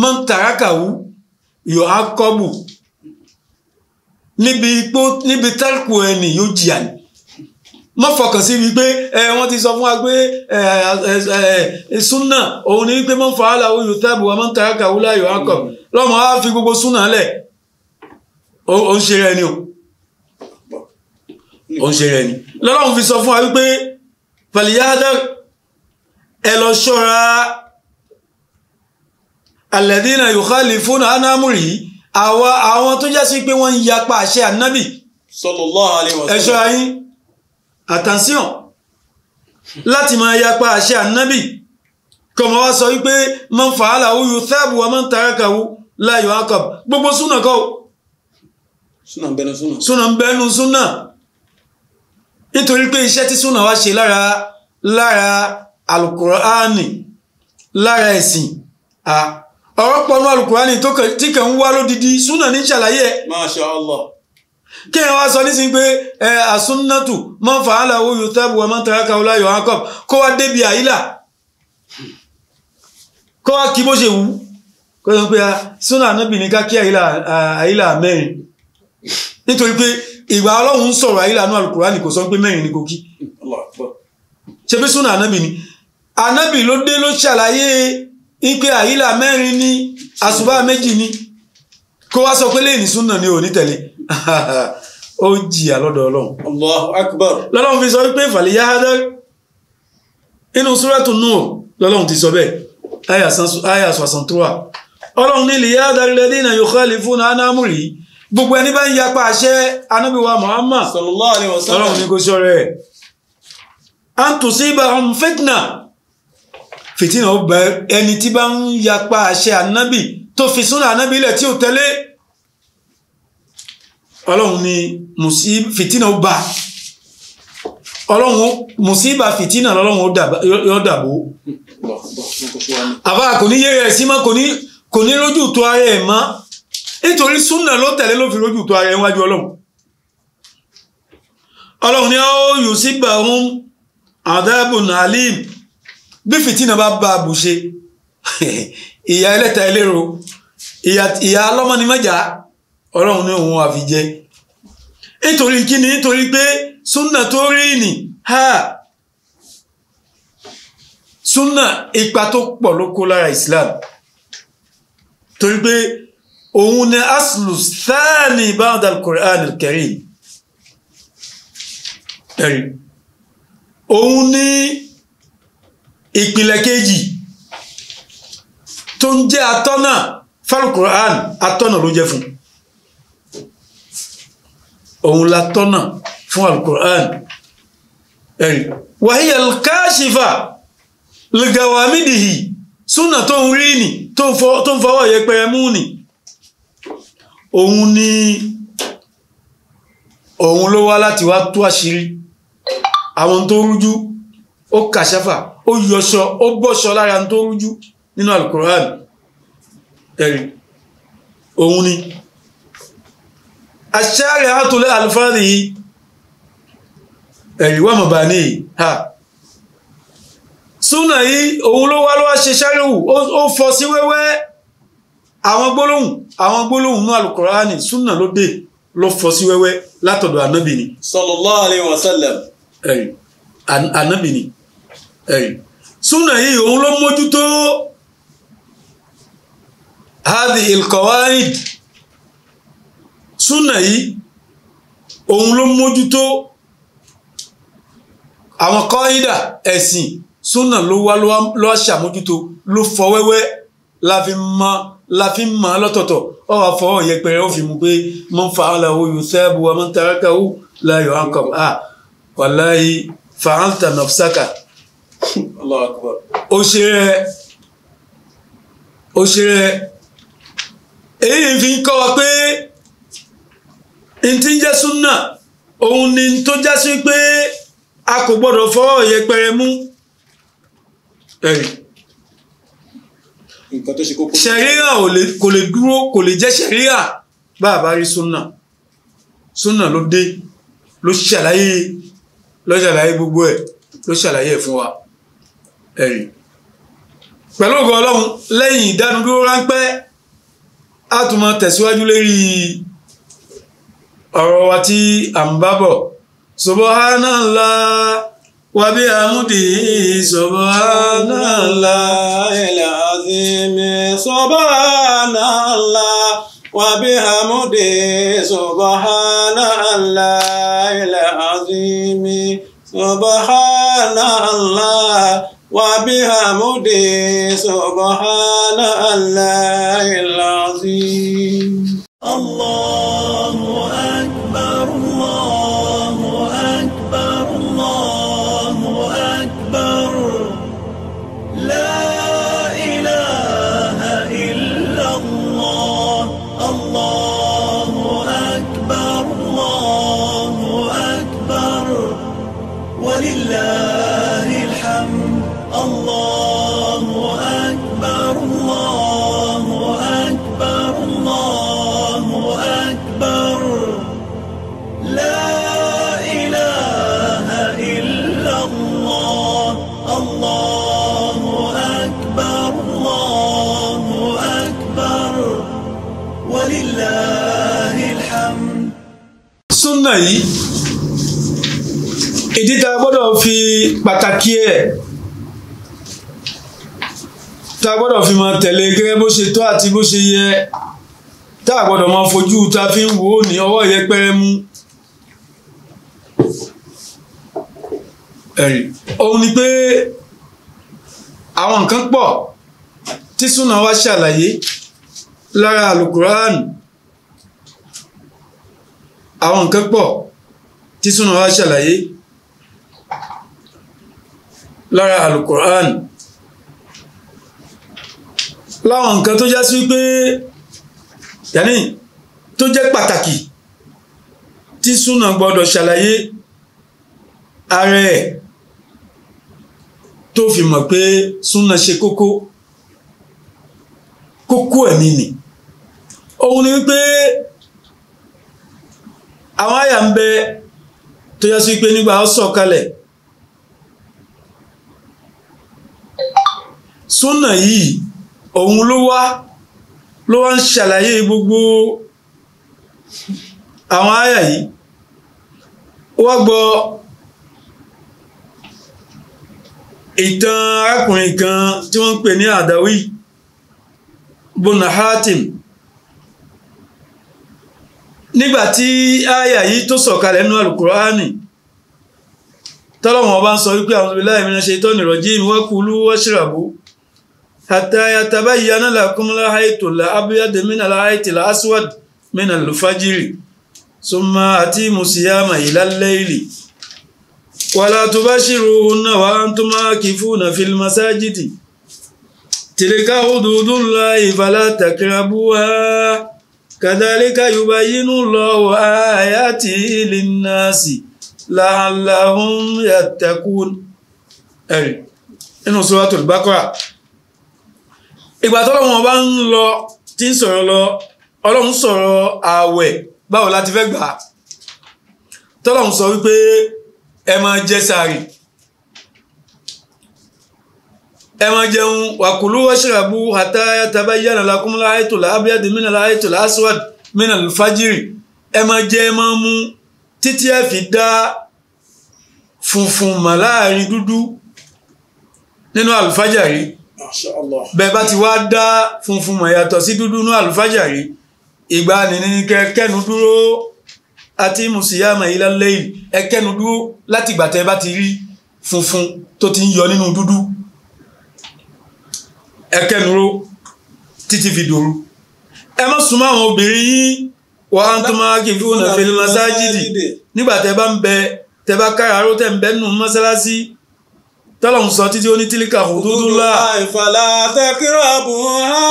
máa ń tàrákà o akọ́bù níbi tálkù ẹni yóò jìyà ni má fọkàn sí wípé ẹ wọn ti sọ fún wa pé ẹ ẹ súnà òun ni wípé mọ fà á la oyún tábù wa mọ tàrà kàwúlà yòó akọ lọmọ á fi gbogbo súnà lẹ òun ṣe rẹ ni o òun ṣe rẹ ni lọ́lọ́run fi sọ fún wa wípé fàlìyáhádà ẹ lọ ṣọ́ra alẹ́dínà yòókàlì fún anámúrì àwọn tó jásí pé wọ́n ń yapa àṣẹ ànábì ẹ ṣọ́ra yín attention láti máa yapa àṣẹ ànábì kọmọ wa sọ wípé man fa'alahu yuthabu wa man tarakahu la yu'aqab gbogbo súnà kọ́ súnà ń bẹnu súnà súnà ń bẹnu súnà nítorí pé iṣẹ́ tí súnà wá ṣe lára lára alukuraani lára ẹ̀sìn ọ̀rọ̀ pọnú alukuraani tí kàn ń wá lódìdí súnà ní ṣàlàyé. Masha Allah kí ẹ wá sọ nísìnyí pé ẹ àsúnnátù man fa'alahu yuthabu wa man tarakahu la yu'aqab kó wá débi àyílà kó wá kí bó ṣe wù kó sọ pé ah, súnà anábì ní ká kí àyílà mẹ́rin nítorí pé ìgbà ọlọ́run ń sọ̀rọ̀ àyílà náà Al-Qur'ani kò sọ pé mẹ́rin ni kò kí ṣe pé súnà anábì ni anábì ló dé ló ṣàlàyé ipe àyílà mẹ́rin ní àsùbá méjì ni kó wá sọ pé lẹ́yìn súnà ni ò ní tẹ̀lé <laughs> ó ń jìyà lọ́dọ̀ ọlọ́run. Allahu akbar. lọ́lọ́run fi sọ pé fàlẹ́ yá dá inú súrẹ́tù Nuh lọ́lọ́run ti sọ bẹ́ẹ̀ àyà sọ̀sọ̀ntúwà ọlọ́run ní lìyá dárílẹ́dínà yukhalifuna anámùrí gbogbo ẹni bá ń yapa àṣẹ anábíwá Muhammad sallallahu alaihi wasallam ọlọ́run ní kò ṣọ́rẹ́ ẹ̀ antusibahum fitna fìtínà ó bẹ ẹni tí bá ń yapa àṣẹ anábì tó fi súnà anábì ilẹ̀ tí ò tẹ́lẹ̀ ọlọ́run ni fìtínà ó bá ọlọ́run mùsíbà fìtínà lọ́lọ́run yóò dàbò àbá kò ní yé rẹ̀ sí mọ́ kò ní lójú tó ara ẹ̀ mọ́ nítorí súnà ló tẹ̀lé ló fi lójú tó ara ẹ̀ wájú ọlọ́run ọlọ́run ni ó yóò sí gbà ń àdábùn alim bí fìtínà bá bá àbùṣe <laughs> ìyá ẹlẹ́ta ẹlẹ́rọ ìyá ọlọ́mọ ni mẹ́jà ọlọ́run ní òun àfi jẹ nítorí kíni nítorí pé súnà tó rí ni ha súnà ipa tó pọ̀ ló kó lára Islam torí pé òun ni aslu thani ba'da Koran quran al-Karim ẹ̀rí òun ni ìpìlẹ̀ kejì tó ń jẹ́ atọ́nà fal-Qur'an atọ́nà ló jẹ́ fún un òun la tọ́nà fún alukur'an ẹ̀rí wàhíyà káṣífà lùgàwámídìhì súnà tó ń rí nì tó ń fọwọ́ yẹpẹrẹ mú nì òun ni òun ló wá láti wá tú àṣírí àwọn tó rújú ó kàṣáfà ó yọṣọ ó bọ́ṣọ lára tó rújú nínú alukur'an ẹ̀rí òun ni àṣàrẹ̀ àtúlẹ̀ àlùfáàrí yìí ẹ̀rí wà mọ̀ bá ní ha súnà yìí òun ló wá ló wá ṣe ṣáríwù ó fọ́ sí wẹ́wẹ́ àwọn gbólóhùn àwọn gbólóhùn ní alukùránì súnà ló dé ló fọ́ sí wẹ́wẹ́ látọ̀dọ̀ ànábì ni. sallallahu alaihi wasallam. ẹ̀rí ànábì ẹ̀rí súnà yìí òun ló mójútó hadhihi alqawaid súnà yìí òun ló mójútó àwọn kọ́ńdà ẹ̀sìn súnà ló wá ló wá ṣàmójútó ló fọ wẹ́wẹ́ la fi mọ la fi mọ lọ́tọ̀ọ̀tọ̀ ọ wà fọ yẹpẹrẹ ó fi mu pé man fa'alahu yusabu wa man tarakahu la yu'aqab à wallahi fa'alta nafsaka Allahu akbar ó ṣe rẹ ó ṣe rẹ èyí fi ń kọ́ wa pé ntí ń jẹ́ súnà òun ni tó já sí pé a kò gbọ́dọ̀ fọwọ́ yẹpẹrẹ mú ẹ̀rí ṣẹ̀ríà kò lè dúró kò lè jẹ́ ṣẹ̀ríà bá a bá rí súnà súnà ló dé ló ṣàlàyé ló ṣàlàyé gbogbo ẹ̀ ló ṣàlàyé ẹ̀ fún wa ẹ̀rí pẹ̀lú ògo ọlọ́run lẹ́yìn ìdánudúró ráńpẹ́ a tún lérí ọ̀rọ̀ wa tí à ń bá bọ̀ subhanallah wa bihamdihi subhanallahil azim subhanallah wa bihamdihi subhanallahil azim subhanallah wa bihamdihi subhanallahil azim. náà yìí ìdí tá a gbọ́dọ̀ fi pàtàkì ẹ̀ tá a gbọ́dọ̀ fi máa tẹ̀lé gẹ́gẹ́ bó ṣe tó àti bó ṣe yẹ tá a gbọ́dọ̀ máa fojú ta fi ń wò ó ní ọwọ́ ìyẹpẹrẹ mú. ẹ̀rì òun ni pé àwọn nǹkan pọ̀ tí súnà wa ṣàlàyé lára àlùkùránì àwọn nǹkan pọ̀ tí súnà wá ṣàlàyé lára alukur'an láwọn nǹkan tó já sí pé yàní tó jẹ́ pàtàkì tí súnà gbọ́dọ̀ ṣàlàyé ara ẹ̀ tó fi mọ̀ pé súnà ṣe kókó kókó ẹ̀mí ni òun ni wípé àwọn àyà ń bẹ tó yẹ sí pé nígbà ó sọ̀kalẹ̀ súnà yìí òun ló wá ló wá ń ṣàlàyé gbogbo àwọn àyà yìí ó gbọ́ ìtàn arákùnrin kan tí wọ́n ń pè ní àdáwí bùnà hatim nígbà tí àyà yìí tó sọ̀kalẹ̀ nínú alukurani tọ́lọ́wọ́n bá ń sọ wípé a'udhu billahi minash shaitani rajim wa kulu washrabu hatta yatabayyana lakumul khaytul abyadu minal khaytil aswad minal fajri summa atimus siyama ilal layli wala tubashiruhunna wa antum akifuna fil masajidi tilka hududullahi fala takrabuha kadhalika yubayyinu Allahu ayatihi linnasi la'allahum yattaqun ẹ̀rì nínú Suratul Baqara ìgbà tọ́lọ́wọ́n bá ń lọ tí ń sọ̀rọ̀ lọ ọlọ́run sọ̀rọ̀ ààwẹ̀ báwo la fẹ́ gbà tọ́lọ́run sọ wípé ẹ máa jẹ sàárì ẹ máa jẹun wàkùlú wàṣírabù hatta yatabayyana lakumul haytul abyadu minal haytul aswad minal fajiri ẹ máa jẹ ẹ máa mu títí ẹ fi dá funfun mà láàrin dúdú nínú àlùfájàrí bẹ́ẹ̀ bá ti wá dá funfun mà yàtọ̀ sí dúdú nínú àlùfájàrí ìgbà nìní kẹkẹnu dúró àti musiyama ilal layl ẹkẹnu dúró láti ìgbà bá ti rí funfun tó ti ń yọ nínú dúdú ẹkẹnuro títí fi dòru ẹ má súnmọ́ àwọn obìnrin yín wà á tó máa kí fún ọ̀nà fèlè masájídì nígbà tẹ bá ń bẹ tẹ bá káyà aró tẹ ń bẹ nínú mọ́sálásí tọ́lọ̀ ń sọ títí ó ní tílíkà hududullah. ìfàlà tẹ́kírọ̀ bùn á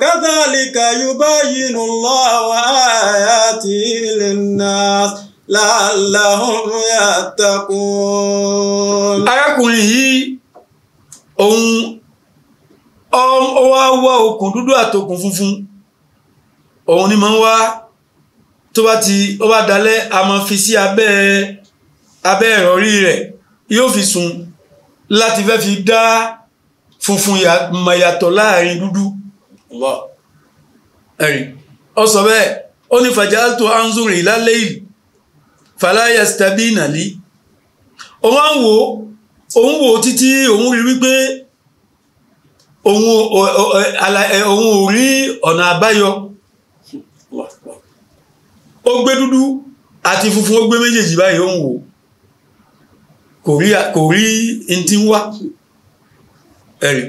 kadhalika yubayyinu Allahu ayatihi linnas la'allahum yattaqun. arákùnrin yìí òun ó wá wá okùn dúdú àtokùn funfun òun ni mo ń wá tó bá ti ó bá dalẹ̀ a máa fi sí abẹ́ abẹ́ ìrọ̀rí rẹ̀ yóò fi sùn láti fẹ́ fi dá funfun mayàtọ̀ láàrin dúdú ẹ̀rí ó sọ bẹ́ẹ̀ ó ní fàjáltò anzuri lálẹ́ yìí fàlàyé stabinali òun á wò ó òun wò ó títí òun rí wípé òun ò rí ọ̀nà àbáyọ ó gbé dúdú àti funfun ó gbé méjèèjì báyìí ó ń wò kò rí kò rí ń wá ẹ̀rí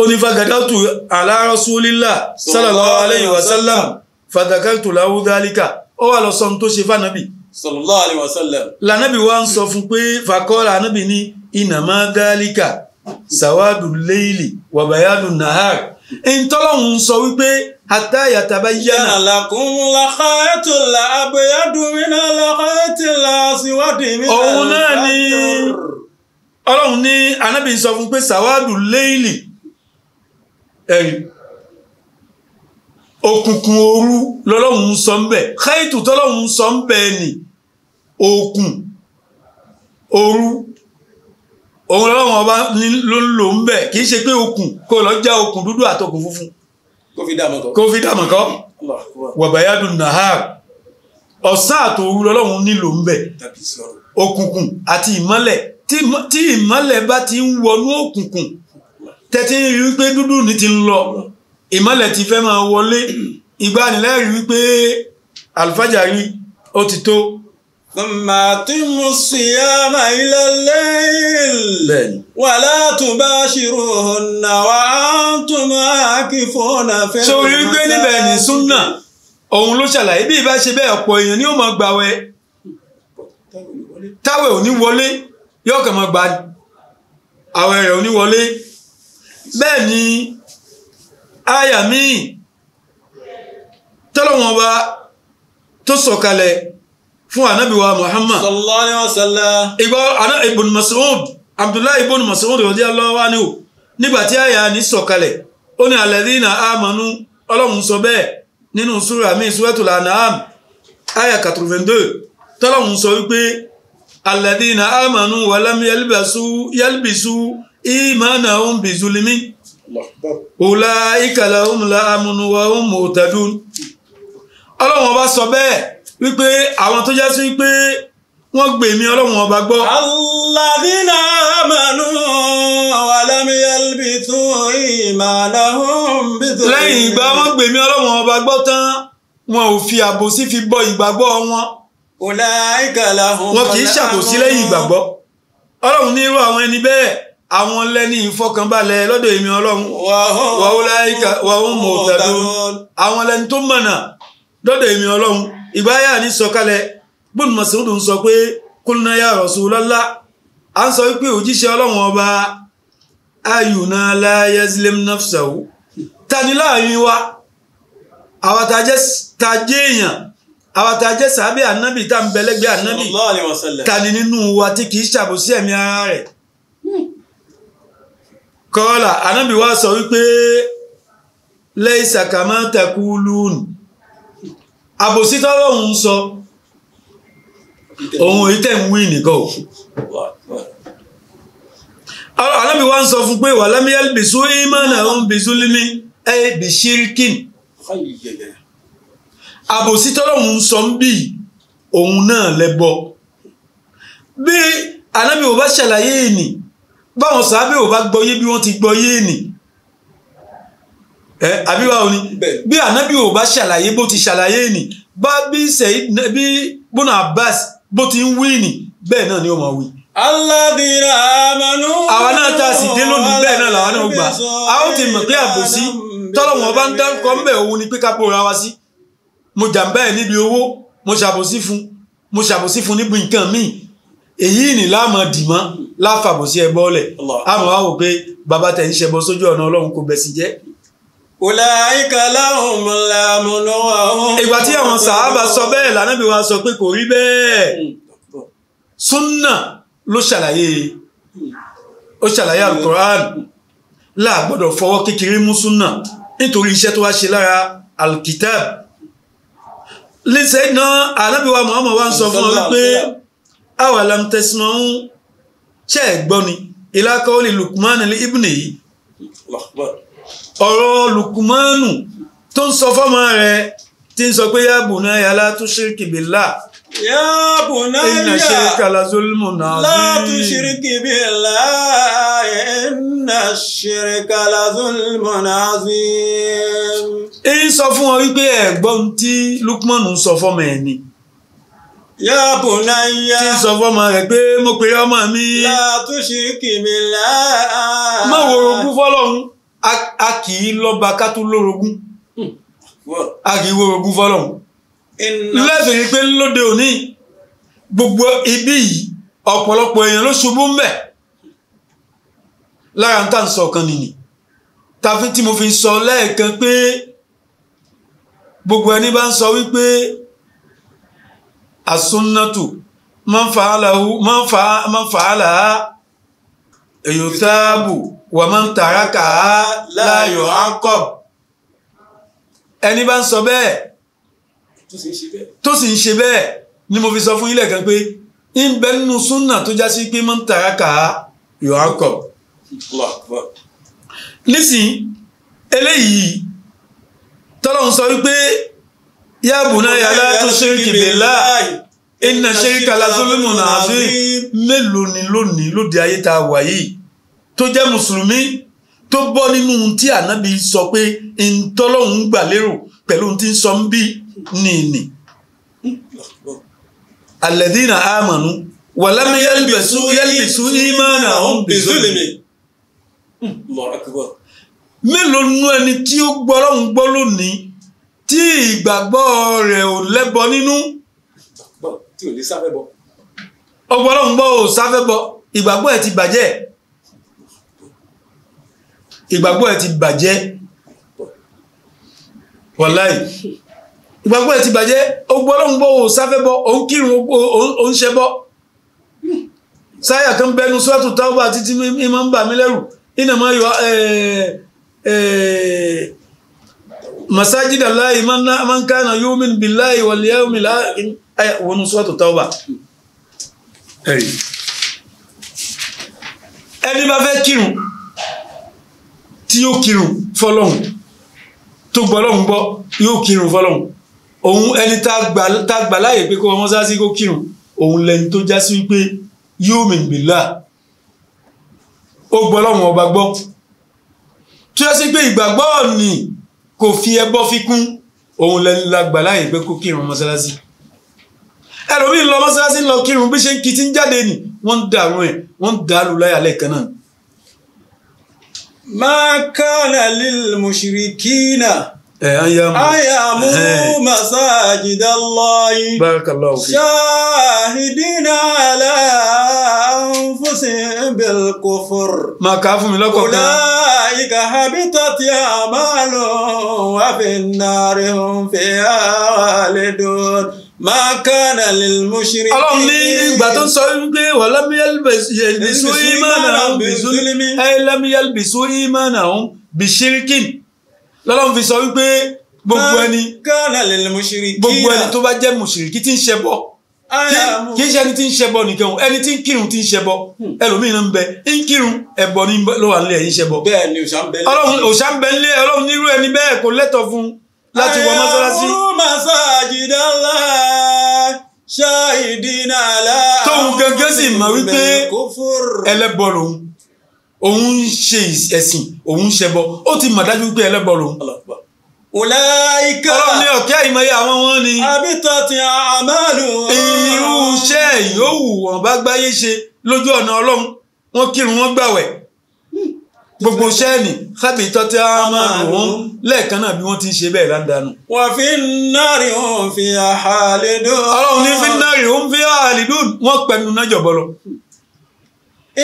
ó ní fagadátu ala rasulillah sallallahu alayhi wa sallam fadakartu lahu dhalika ó wà lọ sọ ohun tó ṣe fànàbì sallallahu alayhi wa sallam lànàbì wa ń sọ fún pé faqala ànàbì ní ìnàmá dhalika sàwádùn léyìlì wàbáyádùn nàhàr ntọ́lọ́hún sọ wípé hatta yatabayyana. lakum lakhaatu la abyadu mina lakhaati la aswadi mina. òun náà ni ọlọ́run ní anábì sọ fún pé sàwádùn léyìlì òkùnkùn òru lọ́lọ́run sọ ń bẹ̀ khaitu tọ́lọ́run sọ ń bẹ̀ ni òkùn òru òun lọ́wọ́ ọba ló ń lò ń bẹ̀ kì í ṣe pé okùn kó lọ já okùn dúdú àtọkùn funfun kó fi dà mọ́kọ́ wàbáyádùn nahar ọ̀sán àtòwú lọ́lọ́run nílò ń bẹ̀ òkùnkùn àti ìmọ́lẹ̀ tí ìmọ́lẹ̀ bá ti ń wọnú òkùnkùn tẹ́tí rí wípé dúdú ní ti ń lọ ìmọ́lẹ̀ ti fẹ́ máa wọlé ìgbàanilẹ́rìí wípé àlùfájàrí ó ti tó ثم أتموا الصيام إلى الليل ولا تباشروهن وأنتم عاكفون في المساجد. sori gbé níbẹ̀ ní súnà òun ló ṣàlàyé bí ibà ṣe bẹ́ẹ̀ ọ̀pọ̀ èèyàn ni ó máa gbàwẹ̀ táwẹ̀ ò ní wọlé yóò kàn máa gba àwẹ̀ rẹ̀ ò ní wọlé bẹ́ẹ̀ ni àyà míì tọ́lọ́wọ́n ọba tó sọ̀kalẹ̀. So fún anabiwa muhammad. sallallahu alayhi wa sallam. ìgbà ana ibn mas'ud abdullahi ibn mas'ud radiyallahu anhu nígbà tí àyà ní sọ̀kalẹ̀ ó ní alladhina amanu ọlọ́run sọ bẹ́ẹ̀ nínú súra mi suratul an'am àyà katrovendo tọ́lọ́run sọ wípé alladhina amanu walam yalbasu yalbisu imanahum bizulmi ulaika lahum la'amnu wa hum muhtadun ọlọ́run ọba sọ bẹ́ẹ̀ wípé àwọn tó jásí wípé wọ́n gbè mí ọlọ́run ọba gbọ́. alladhina amanu wa lam yalbisu imanahum bidhulmin. lẹ́yìn ìgbà wọ́n gbè mí ọlọ́run ọba gbọ́ tán wọn ò fi àbòsí fi bọ ìgbàgbọ́ wọn. ulaika lahum. wọn kì í ṣàbòsí lẹ́yìn ìgbàgbọ́ ọlọ́run ní irú àwọn ẹni bẹ́ẹ̀ àwọn lẹ́ni ìfọkànbalẹ̀ lọ́dọ̀ èmi ọlọ́run wa ulaika wa hum muhtadun àwọn lẹ́ni tó mọ̀nà lọ́dọ̀ èmi ọlọ́run ìgbáyà ní sọ̀kalẹ̀ bùn Mas'ud ń sọ pé kulna ya Rasulullah à ń sọ wípé òjíṣẹ́ ọlọ́run ọba ayùnà la yazlim nafsahu tani láàrin wa àwa tá a èèyàn àwa tá ànábì tá ń bẹ̀lẹ́gbẹ́ ànábì tani nínú wa tí kì í ṣàbòsí ẹ̀mí ara rẹ̀ kọ́lá ànábì wa sọ wípé laysa kama takulun àbòsí tọ́lọ́hún sọ òun èyí tẹ̀ ń wí nìkan o alábi wa ń sọ fún pé wà lámì yálbìsú ìmánà ń bìsú límí ẹ bì ṣírkìn àbòsí tọ́lọ́hún ń sọ ń bì òun náà lẹ́bọ bí alábi ò bá ṣàlàyé ènì báwọn sábẹ́ ò bá gbọ́yé bí wọ́n ti gbọ́yé ènì ẹ àbíwá òní bí ànábì ò bá ṣàlàyé bó ti ṣàlàyé ni bá bí sẹ́yìn bí bọ́nà Abbas bó ti ń wí ni bẹ́ẹ̀ náà ni ó máa wí. aládìrà àmàlú. àwa náà tá a sì dé lónìí bẹ́ẹ̀ náà làwa náà gbà á ó ti mọ̀ pé àbòsí tọ́lọ́wọ́n bá ń dárúkọ ń bẹ̀ òun ni pé ká bóra wa sí. mo jàǹbá ẹ̀ níbi owó mo ṣàbòsí fún mo ṣàbòsí fún níbi nǹkan míì èyí ni láàmọ̀ dìmọ́ láfàbòsí ẹ bọ́ọ̀lẹ̀ àmọ́ wá wò pé ń ṣẹbọ sójú ọ̀nà Ọlọ́run kò bẹ̀ sí jẹ́ Ọláìka láhùn láàmú lọ́wọ́ àwọn. Ìgbà tí àwọn sàábà sọ bẹ́ẹ̀ lànàbí wa sọ pé kò rí bẹ́ẹ̀. Súnà ló ṣàlàyé ó ṣàlàyé Al-Qur'an láàgbọ́dọ̀ fọwọ́ kékeré mú súnà nítorí iṣẹ́ tó wá ṣe lára al Lẹ́sẹ̀ náà ànábì wa Muhammad wa ń sọ fún ọ wípé àwa lam tasma'u ṣẹ́ ẹ̀ gbọ́ ni ìlà qawli yìí ọ̀rọ̀ lukumanu tó ń sọ fọ́mọ rẹ̀ tí ń sọ pé yá bunaya la tushrik billah. yá bunaya inna shirka la zulmun azim. la tushrik billah inna shirka la zulmun azim. ẹ ń sọ fún ọ wípé ẹ̀gbọ́n tí lukumanu ń sọ fọ́mọ ẹ̀ ni yá bunayya. tí sọ fọmọ rẹ pé mo pe ọmọ mi. la tushiriki billah. má wo orogún fọlọ́hún a kì í lọ́ba ká tó lórogún hmm. a kì í wórogún fọlọ́hún lẹ́fìrí pé lóde òní gbogbo ibi yìí ọ̀pọ̀lọpọ̀ èèyàn ló ṣubú mbẹ̀ lára ń tà ń sọ ọ̀kan nìyí tàfi tí mo fi sọ lẹ́ẹ̀kan pé gbogbo ẹni bá ń sọ wípé àsunnatu man fa'alahu man fa'ala yuthabu wa man taraka la yu'aqab ẹni bá ń sọ bẹ́ẹ̀ tó sì ń ṣe bẹ́ẹ̀ ni mo fi sọ fún ilẹ̀ kan pé ń bẹ nínú súnà tó já sí pé man taraka yu'aqab nísìnyí eléyìí tọ́lọ́hún sọ wípé yáàbù náà yàrá tó ṣe kìbìlá iná ṣeríkà lásìlímù nàásì mélòó ni lónìí lóde ayé tá a wà yìí tó jẹ́ mùsùlùmí tó bọ́ nínú tí ànábì sọ pé ntọ́lọ́hún gbà lérò pẹ̀lú tí ń sọ ń bí nìní. alladhina amanu wa lam yalbisu yalbisu imanahum bizulmi. mélòó nú ẹni tí ó gbọ́ lọ́hún gbọ́ lónìí tí ìgbàgbọ́ rẹ̀ ò lẹ́bọ nínú tí ò ní sáfẹ́ bọ. ọgbọ́n ọlọ́run gbọ́ ò sáfẹ́ bọ ìgbàgbọ́ ẹ̀ ti bàjẹ́ ìgbàgbọ́ ẹ̀ ti bàjẹ́ wàláì ìgbàgbọ́ ẹ̀ ti bàjẹ́ ọgbọ́n ọlọ́run gbọ́ ò sáfẹ́ bọ òun kírun òun ṣe bọ́ sáyà kan bẹnu sọ́ọ̀tù táwọn àti mímọ́ ń bà mí lẹ́rù iná máa yọ masajidalahi man kana yumin billahi wal ẹ wọnú sọ́ọ̀tù tọ́wà ẹni bá fẹ́ kírun tí yóò kírun fọlọ́hun tó gbọ́lọ́hun gbọ́ yóò kírun fọlọ́hun òun ẹni tá gbà láàyè pé kó ọmọ sáà sí kó kírun òun lẹni tó já sí wípé yóò mìgbìlá ó gbọ́lọ́hun ọba gbọ́ tí ó sì pé ìgbàgbọ́ ọ̀nì kò fi ẹbọ fi òun lẹni la gbà pé kó kírun mọ́sálásí ẹlòmíì lọ mọ́sálásí lọ kírun bí ṣe ń kití ń jáde nì wọ́n ń dàrú ẹ̀ wọ́n ń dàrú láyà lẹ́ẹ̀kan náà. máa kánà lilmushrikina. ẹ ayamu ayamu masajidallahi. barakallahu fi. shahidina ala anfusihim bilkufur. máa kà á fún mi lọ́kọ̀ọ̀kan. ulaika habitat a'maluhum wa fin narihum fiha khalidun máa ká nà lè mú ṣírí. ọlọ́run ní ìgbà tó ń sọ wípé wà lámìyálbìsú ìmánà òun ẹ lámìyálbìsú ìmánà òun bìṣíríkì lọ́lọ́run fi sọ wípé gbogbo ẹni gbogbo ẹni tó bá jẹ́ mùṣírikí tí ń ṣe bọ́ kì í ṣe ẹni tí ń ṣẹbọ nìkan ẹni tí ń kírun tí ń ṣẹbọ hmm. ẹlòmíràn ń bẹ ń kírun ẹbọ ló wà nílẹ̀ yìí ń bẹ nílẹ̀ òṣà ń bẹ nílẹ̀ ọlọ́run nírú ẹni bẹ́ẹ̀ kò lẹ́tọ̀ fún un láti wọ mọ́sálásí. àyẹ̀wò masajida la ṣáìdínà la. tóun gẹ́gẹ́ sì mọ̀ wípé ẹlẹ́bọ lòun òun ń ṣe ẹ̀sìn òun ń ṣẹbọ ó ti mọ̀ dájú wípé ẹlẹ́bọ lòun. Ọlọ́run ní ọ̀kẹ́ ìmọ̀ye àwọn wọn ni. Àbítọ̀ ti àmàlù. Irú iṣẹ́ yòówù wọn bá gbáyé ṣe lójú ọ̀nà Ọlọ́run. Wọ́n kírun wọ́n gbàwẹ̀ gbogbo sẹ́ẹ̀nì hábì tọ́tí àmà òun lẹ́ẹ̀kan náà bí wọ́n ti ń ṣe bẹ́ẹ̀ láńdánù. wà fi nárì òun fi àhàlẹ́dùn. ọlọ́run ní fi nárì òun fi àhàlẹ́dùn wọ́n pẹ̀lú náà jọ̀bọ̀ lọ.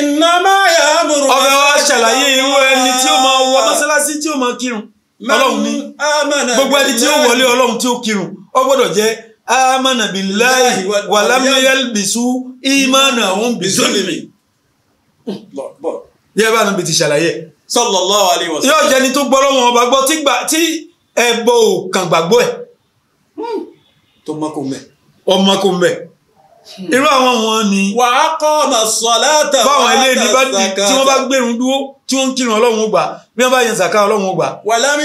iná máa yà á bùrù. ọbẹ̀ wa ṣàlàyé irú ẹni tí ó máa wọ mọ́sálásí tí ó máa kírun. ọlọ́run ní gbogbo ẹni tí ó wọlé ọlọ́run tí ó kírun ó gbọ́dọ̀ jẹ́ amana billahi wàlámẹ́yẹ́lbìsú ìmánà òun bìsú lèmi. bọ̀ yẹ bá nàbì ti ṣàlàyé. sallallahu alaihi wasallam. yóò jẹni tó gbọ́ lọ́wọ́ ọba gbọ́ tí ẹbọ ò kàn gbàgbọ́ ẹ̀. Hmm. tó mọ kò mẹ. ọmọ kò mẹ. Hmm. irú àwọn wọn ni. wà á kọ́ ọ̀nà sọ̀láàtà báwọn eléyìí bá di tí wọ́n bá gbẹ̀rún dúró tí wọ́n ń kírun ọlọ́run gbà bí wọ́n bá yẹn sàká ọlọ́run gbà. wa lam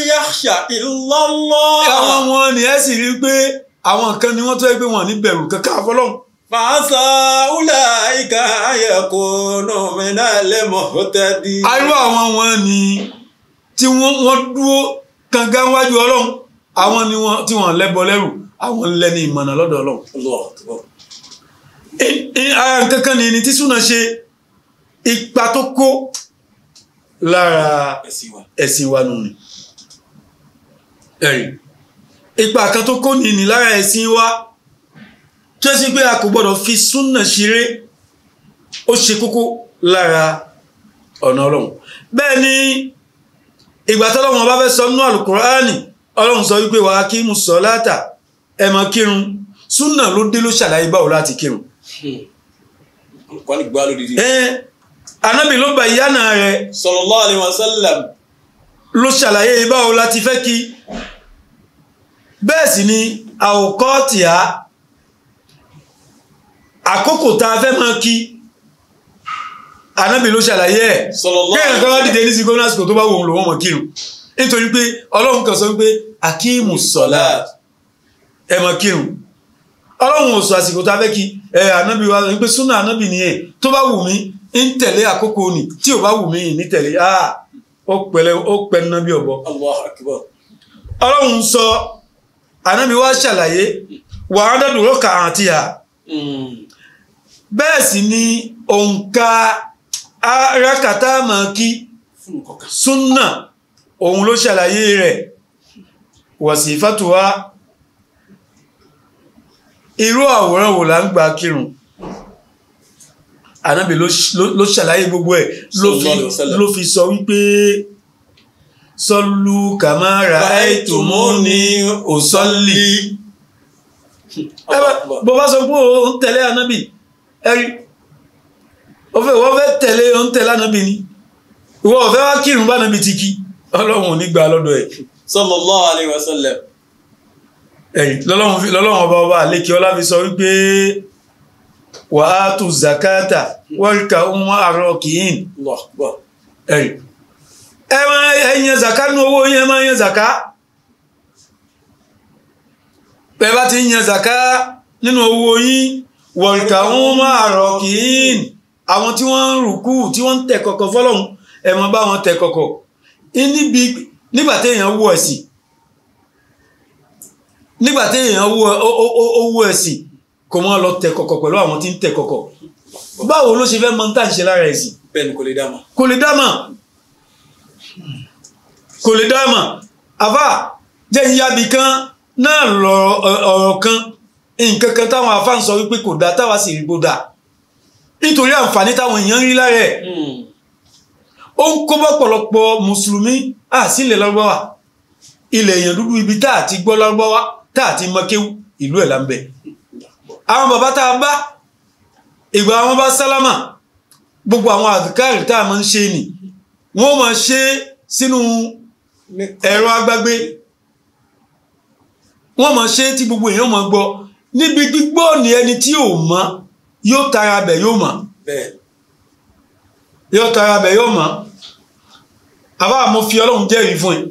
àwọn wọn ni ẹ fàásà wúlà ìka ayẹ̀kọ́ nọ̀mìnà lẹ́mọ̀ tẹ́bí. arú àwọn wọn ni tí wọ́n dúró kànga wájú ọlọ́run àwọn ni wọ́n tí wọ́n lẹ́bọ lẹ́rù àwọn ńlẹ́ ní ìmọ̀nà lọ́dọ̀ ọlọ́run. kankan ni ẹni tí súnà ṣe ipa tó kó lára ẹ̀sìn wa nù ni ẹ̀rí ipa kan tó ni ní lára tó sì pé a kò gbọ́dọ̀ fi súnà ṣeré ó ṣe kókó lára ọ̀nà ọlọ́run bẹ́ẹ̀ ni ìgbà tọ́lọ́run ọba fẹ́ sọ nínú àlùkùránì ọlọ́run sọ wípé wàá kí mu sọ látà ẹ kírun súnà ló dé ló ṣàlàyé báwo láti kírun. anábì ló bá ìyáná rẹ wasallam ló ṣàlàyé báwo láti fẹ́ kí bẹ́ẹ̀ sì ni àwòkọ́ tìá àkókò tá a fẹ́ máa kí anábì ló ṣàlàyé ẹ̀ kéèyàn kan wá dìde ní sí gómìnà àsìkò tó bá wù ú lòun mọ̀ kírun nítorí pé ọlọ́run kan sọ pé akíìmù sọ̀lá ẹ mọ̀ kírun ọlọ́run ò sọ àsìkò tá a fẹ́ kí ẹ anábì wa sọ pé súnà anábì nìyẹn tó bá wù mí ń tẹ̀lé àkókò ni tí ò bá wù mí ní tẹ̀lé ah ó pẹ̀lẹ́ ó pẹ́ nínú bí ọ̀bọ. ọlọ́run sọ anábì wa ṣàlàyé wàá dàdúró kàràǹtì à bẹ́ẹ̀ sì ni òǹkà arákàtà máa kí súnà òun ló ṣàlàyé rẹ̀ wàsífàtúwá irú àwòrán wò là ń gba kírun ànábì ló ṣàlàyé gbogbo ẹ̀ ló fi sọ wípé sọlú kàmáàrà àìtòmó ní òsọ́lì bó sọ pé òun tẹ̀lé ànábì ẹ̀rí wọ́n fẹ́ wọ́n fẹ́ tẹ̀lé ohun tẹ̀lé ànábì ni ìwọ ọ̀fẹ́ wá kírun bá ànábì ti kí ọlọ́run ò ní gbà lọ́dọ̀ ẹ̀ sallallahu alaihi wasallam ẹ̀rí lọ́lọ́run ọba ọba àlékè ọlá fi sọ wípé wà á tù zakata wọ́ríkà ń wọ́n àrọ kìín ẹ̀rí ẹ̀yẹn zaka nú owó yẹn máa yẹn zaka bẹ́ẹ̀ bá ti yẹn zaka nínú owó yín wọ̀rìkàwọn máa rọ̀ kìín àwọn tí wọ́n ń rùkú tí wọ́n ń tẹ̀ kọ̀kọ̀ fọlọ́hún ẹ̀ mọ́ bá wọn tẹ̀ kọ̀kọ̀ níbi nígbà téèyàn wú ẹ̀sì nígbà téèyàn wú ẹ̀sì kò mọ́ lọ tẹ̀ kọ̀kọ̀ pẹ̀lú àwọn tí ń tẹ̀ kọ̀kọ̀ báwo ló ṣe fẹ́ mọ tá à ń ṣe lára ẹ̀sìn. bẹ́ẹ̀ni kò lè dá kò lè dá kò lè dá àbá jẹ́ ìyá bìkan náà lọ̀rọ̀ ọ̀rọ̀ kan nǹkan kan táwọn afáàn sọ wípé kò dáa táwa sì rí bó dáa nítorí àǹfààní táwọn èèyàn ń rí lára ẹ̀ hmm. ó ń kó bọ́pọ̀lọpọ̀ mùsùlùmí àsìlẹ̀ lárúbáwá ilẹ̀ èèyàn dúdú ibi tá a ti gbọ́ lárúbáwá tá a ti mọ kéwú ìlú ẹ̀ là ń bẹ àwọn bàbá tá a bá ìgbà àwọn bá sálámà gbogbo àwọn àdùkárì tá a máa ń ṣe nì wọ́n máa ṣe sínú ẹ̀rọ agbágbé wọ́n máa ṣe tí gbogbo èèyàn máa gbọ́ níbi gbígbọ́ ní ẹni tí ò mọ̀ yóò tara bẹ̀ yóò mọ̀ yóò tara bẹ̀ yóò mọ̀ àbá mo fi ọlọ́run jẹ́rìí fún yín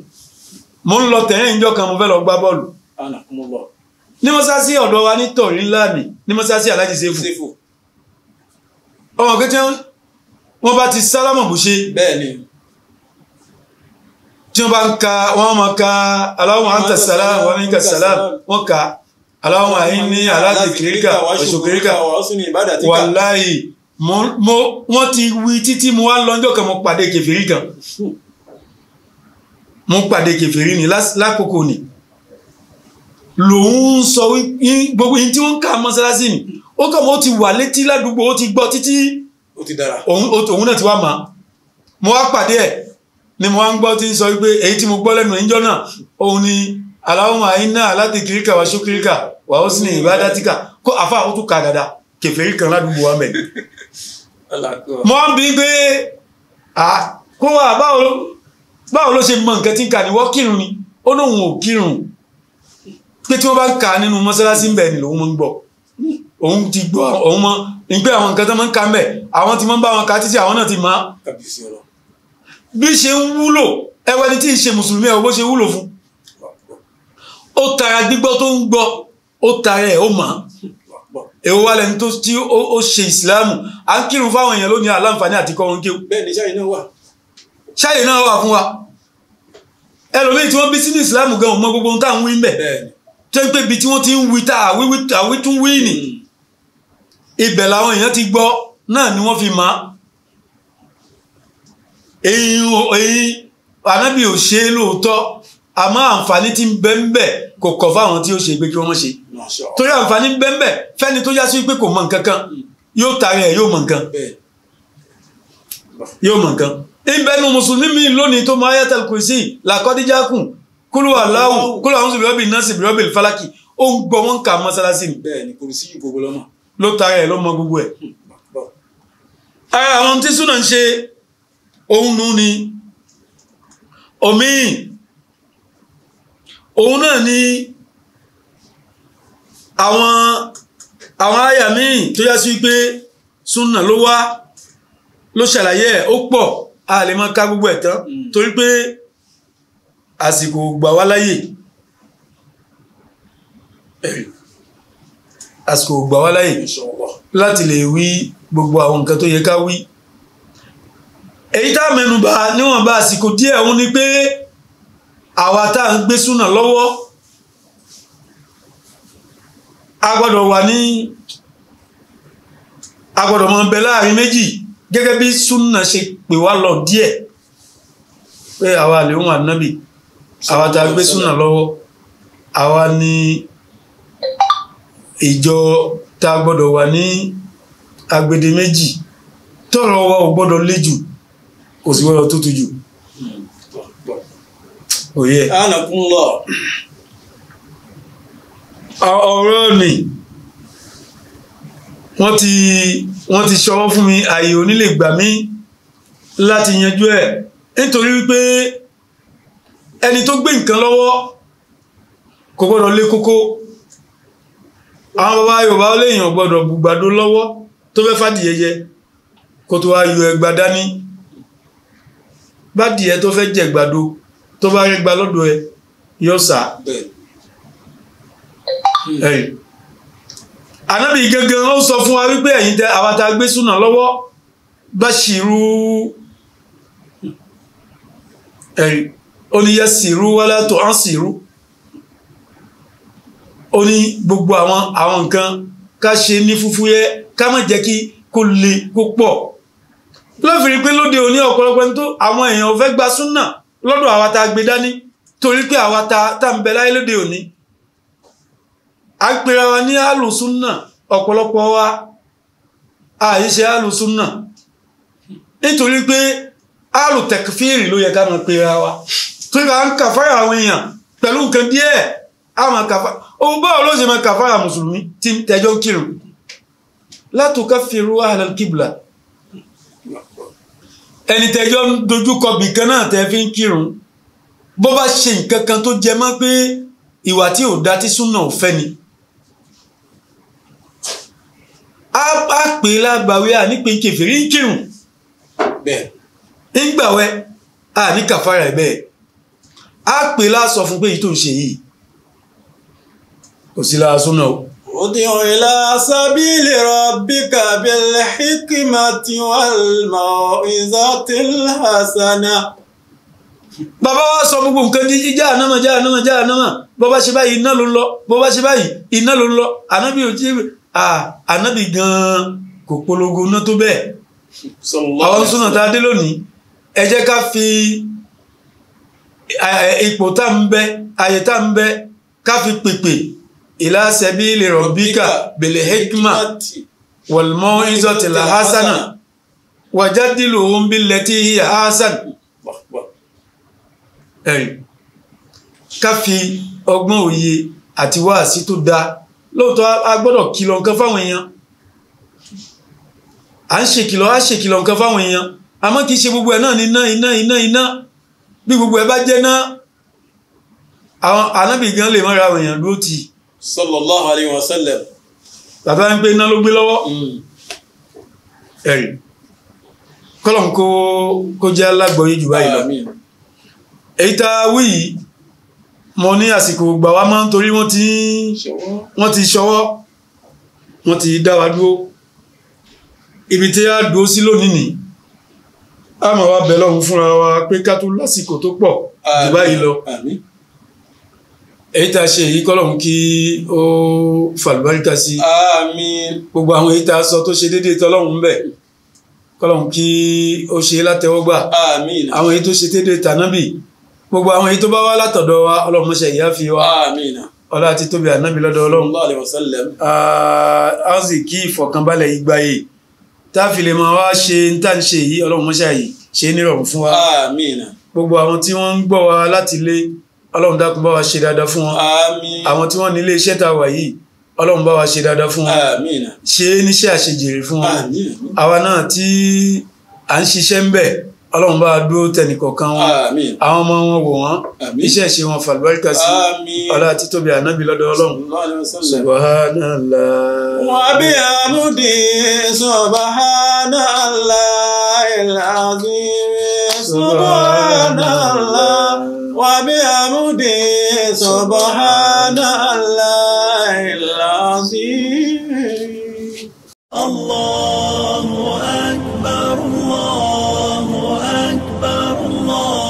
mo ń lọ tẹ̀yìn ìjọ kan mo fẹ́ lọ gbá bọ́ọ̀lù ní mọ́sáàsì ọ̀dọ̀ wa ní tọ̀rí láàmì ní mọ́sáàsì aláàjì sẹ́fù ọmọ kẹtẹ wọn bá ti sálámà bó ṣe tí wọn bá ń ka wọn máa ka aláwọn àǹtà sàlámù wọn ní ka sàlámù wọn kà á aláwọ̀ àyín ní aládìkíríkà ọ̀ṣọ̀kíríkà wàláì wọ́n ti wí títí mo wá lọ́jọ́ kan mo pàdé kẹfìrí kan mo pàdé kẹfìrí ni lákòókò ni lòun ń sọ gbogbo yìí tí wọ́n ń mọ́sálásí ni ó kàn mọ́ ti wà létí ládùúgbò ó ti gbọ́ títí òun náà ti wá mà mo wá pàdé ẹ̀ ni mo wá ń gbọ́ tí ń sọ wípé èyí tí mo gbọ́ lẹ́nu ẹ̀ńjọ́ náà òun ni aláwọ̀ àyín náà aládìkíríkà wàṣọ́kíríkà wà ó sì ní ìbádátíkà kó àfa àwọn tó ka dáadáa kẹfẹ́rí kan ládùúgbò wa mẹ́. mọ́ bí gbé kó wà báwo ló ṣe mọ nǹkan tí ń kà ní wọ́n kírun ni ó lóun ò kírun pé tí wọ́n bá ń kà nínú mọ́sálásí bẹ̀ ni lòun mọ́ ń gbọ́ òun ti gbọ́ òun mọ́ ní pé àwọn nǹkan tó máa ń ka mẹ́ àwọn tí máa ń bá wọn ka títí àwọn náà ti máa bí ṣe ń wúlò ẹwẹ́ni tí ì ṣe mùsùlùmí ẹ̀ bó ṣe wúlò fún ó tara gbígbọ́ tó ń gbọ́ ó tarẹ̀ ó mọ̀ èwo wa lẹni tó tí ó ṣe ìsìláàmù à ń kírun fáwọn èèyàn lónìí aláǹfààní àti kọrin kí o. bẹ́ẹ̀ni ṣáyé náà wà. ṣáyé náà wà fún wa ẹlòmíì tí wọ́n bí sínú ìsìláàmù gan ò mọ gbogbo ohun tá à ń wí ń bẹ̀ tó ń pè bí tí wọ́n ti ń wí tá àwí tún wí nì mm. ibẹ̀ làwọn èèyàn ti gbọ́ náà ni wọ́n fi mọ̀ ẹ̀yìn ẹ̀yìn ànábì ò ṣe é lóòótọ́ àmọ́ àǹfààní ti ń bẹ ń bẹ kò kọ̀ fáwọn tí ó ṣe pé kí wọ́n ṣe torí àǹfààní bẹ́ńbẹ́ fẹ́ni tó yá sí pé kò mọ nǹkan kan hmm. yóò tari ẹ̀ yóò mọ nǹkan yóò mọ nǹkan ìbẹnu mùsùlùmí mi lónìí tó máa yàtọ̀ kù sí làkọ́díjákùn kúlù aláwù kúlù àwọn sùbìrọ́bì náà sùbìrọ́bì falaki ó ń gbọ́ wọn kà mọ́sálásí ni. bẹ́ẹ̀ni kò sí ìgbogbo lọnà. ló tari ẹ ló mọ gbogbo hmm, òun náà ni àwọn àwọn àyà míì tó yá sí pé súnà ló wá ló ṣàlàyé ẹ̀ ó pọ̀ a lè máa ká gbogbo ẹ̀ tán hmm. torí pé àsìkò gbà wá láyè àsìkò gbà wá láyè láti lè wí gbogbo àwọn nǹkan tó yẹ ká wí èyí tá mẹ́nubà níwọ̀nba àsìkò díẹ̀ òun ni pé àwa tá à ń gbé súnà lọ́wọ́ a wà ní a gbọ́dọ̀ bẹ láàrin méjì gẹ́gẹ́ bí súnà ṣe pè wá lọ díẹ̀ pé àwa àlèhùn ànábì àwa ta gbé súnà lọ́wọ́ àwa ní ìjọ tá wà ní agbede méjì tọrọ wa ò gbọ́dọ̀ lé jù kò sì gbọ́dọ̀ tútù jù. òye. Hmm. ànàkùn ọ̀rọ̀ nì wọ́n ti ṣọwọ́ fún mi ààyè onílè gbà mí láti yanjú ẹ̀ nítorí wípé ẹni tó gbé nǹkan lọ́wọ́ kò gbọ́dọ̀ lé kókó àwọn bàbá Yorùbá léèyàn gbọ́dọ̀ bùgbàdo lọ́wọ́ tó fẹ́ fàdìyẹyẹ kó tó wá ẹgbà dání bá dìẹ tó fẹ́ jẹ gbàdo tó bá rẹgbà lọ́dọ̀ ẹ yọ sá bẹ́ẹ̀ ànábì gangan ló sọ fún wa wípé ẹ̀yin tẹ àwọn tá a gbé súnà lọ́wọ́ bashiru ẹ̀rí ó ní yasiru wala tu'siru ó ní gbogbo àwọn àwọn nǹkan ká ṣe ní fúfúyẹ́ ká má jẹ́ kí kó le kó pọ̀ lọ́fìrí pé lóde òní ọ̀pọ̀lọpọ̀ tó àwọn èèyàn ò fẹ́ gba súnà lọ́dọ̀ àwa gbé dání torí pé àwa tá lóde òní a ń pera wa ní alùsúnà ọ̀pọ̀lọpọ̀ wa àìṣe alùsúnà nítorí pé alùtẹ̀kífìrì ló yẹ ká máa pera wa tó yẹ ká ń kàfáyà àwọn èèyàn pẹ̀lú nǹkan díẹ̀ àmọ́ kàfá òun báwo ló ṣe máa kàfáyà mùsùlùmí tí tẹjọ́ kírun látòkà fèrú àhàlẹ́ kíbla ẹni tẹjọ́ ń dojúkọ bìkan náà tẹ́ fi ń kírun bó bá ṣe nǹkan kan tó jẹ mọ́ pé ìwà tí ò dá tí súnà ò fẹ́ ni. á pè é lágbàwé à ní pé ń kèfèrí ń kírun ń gbàwẹ̀ à ní kàfàrà ẹ̀ bẹ́ẹ̀ á pè é lásọ fún pé èyí tó ń ṣe yìí kò sí lára súnà o. Ud'u ila sabili rabbika bil hikmati wal maw'izatil hasanah bàbá wa sọ gbogbo nǹkan ní jíjá ànámọ já ànámọ já ànámọ bó bá ṣe báyìí iná ló ń lọ bó ṣe báyìí iná ló ń lọ ànábì ànábì gan kò polongo ná tó bẹ́ẹ̀ àwọn súnà tá a dé lónìí ẹ jẹ́ ká fi ipò tá ń bẹ àyè tá ń bẹ ká fi pèpè ìlà sabili rabbika bil hikma wal mau'izatil hasana wajadiluhum billati hiya hasan ká fi ọgbọ́n òye àti wáàsí tó dáa lóòótọ́ a gbọ́dọ̀ kìlọ̀ nǹkan fáwọn èèyàn à ń ṣèkìlọ̀ á ṣèkìlọ̀ nǹkan fáwọn èèyàn àmọ́ kì í ṣe gbogbo ẹ̀ náà ní iná iná iná iná bí gbogbo ẹ̀ bá jẹ́ náà àwọn anábì gan lè mọ́ra àwọn èèyàn dúró tì. sallallahu alayhi wa sallam. bàbá ń pé iná ló gbé lọ́wọ́ mm. ẹ̀rì kọ́lọ̀ kó jẹ́ alágbọ̀nyé jù báyìí lọ èyí tá a wí yìí mo ní àsìkò gbà wá mọ́ nítorí wọ́n ti wọ́n ti ṣọwọ́ wọ́n ti dá wa dúró ibi tí a dúró sí lónìí nìyí a máa wá bẹ̀ fúnra wa pé ká tó lásìkò tó pọ̀ jù báyìí lọ èyí tá a ṣe èyí kọ́lọ́hún kí ó fàlùbáríkà sí gbogbo àwọn èyí tá a sọ tó ṣe déédéé tọ́lọ́hún ń bẹ̀ kọ́lọ́hún kí ó ṣe látẹ́wọ́gbà àwọn èyí tó ṣe déédéé tànábì gbogbo àwọn èyí tó bá wá látọ̀dọ̀ wa ọlọ́run mọ́ṣẹ́ ìyá fi wá ọlá àti tóbi ànábi lọ́dọ̀ ọlọ́run áàzì kí ìfọ̀kànbalẹ̀ ìgbà yìí tá a fi lè máa wá ṣe ń tà ń ṣe yìí ọlọ́run yìí ṣe nírọ̀rùn fún wa gbogbo àwọn tí wọ́n ń gbọ́ wa láti lé ọlọ́run dákun bá wa ṣe dáadáa fún wọn àwọn tí wọ́n ní ilé iṣẹ́ tá a wà yìí ọlọ́run bá wa ṣe dáadáa fún wọn ṣe níṣẹ́ àṣejèrè fún wọn àwa náà tí à ń ṣiṣẹ́ ń bẹ̀ ọlọ́run bá dúró tẹnìkọ̀ọ̀kan wọn àwọn ọmọ wọn wò wọ́n iṣẹ́ ṣe wọn fàlùbáríkà sí ọlá títóbi ànábì lọ́dọ̀ ọlọ́run subahánàlá. wọ́n bí amúdí subahánàlá ìlàdí subahánàlá wọ́n bí amúdí subahánàlá ìlàdí. Allahu akbar. أكبر الله أكبر الله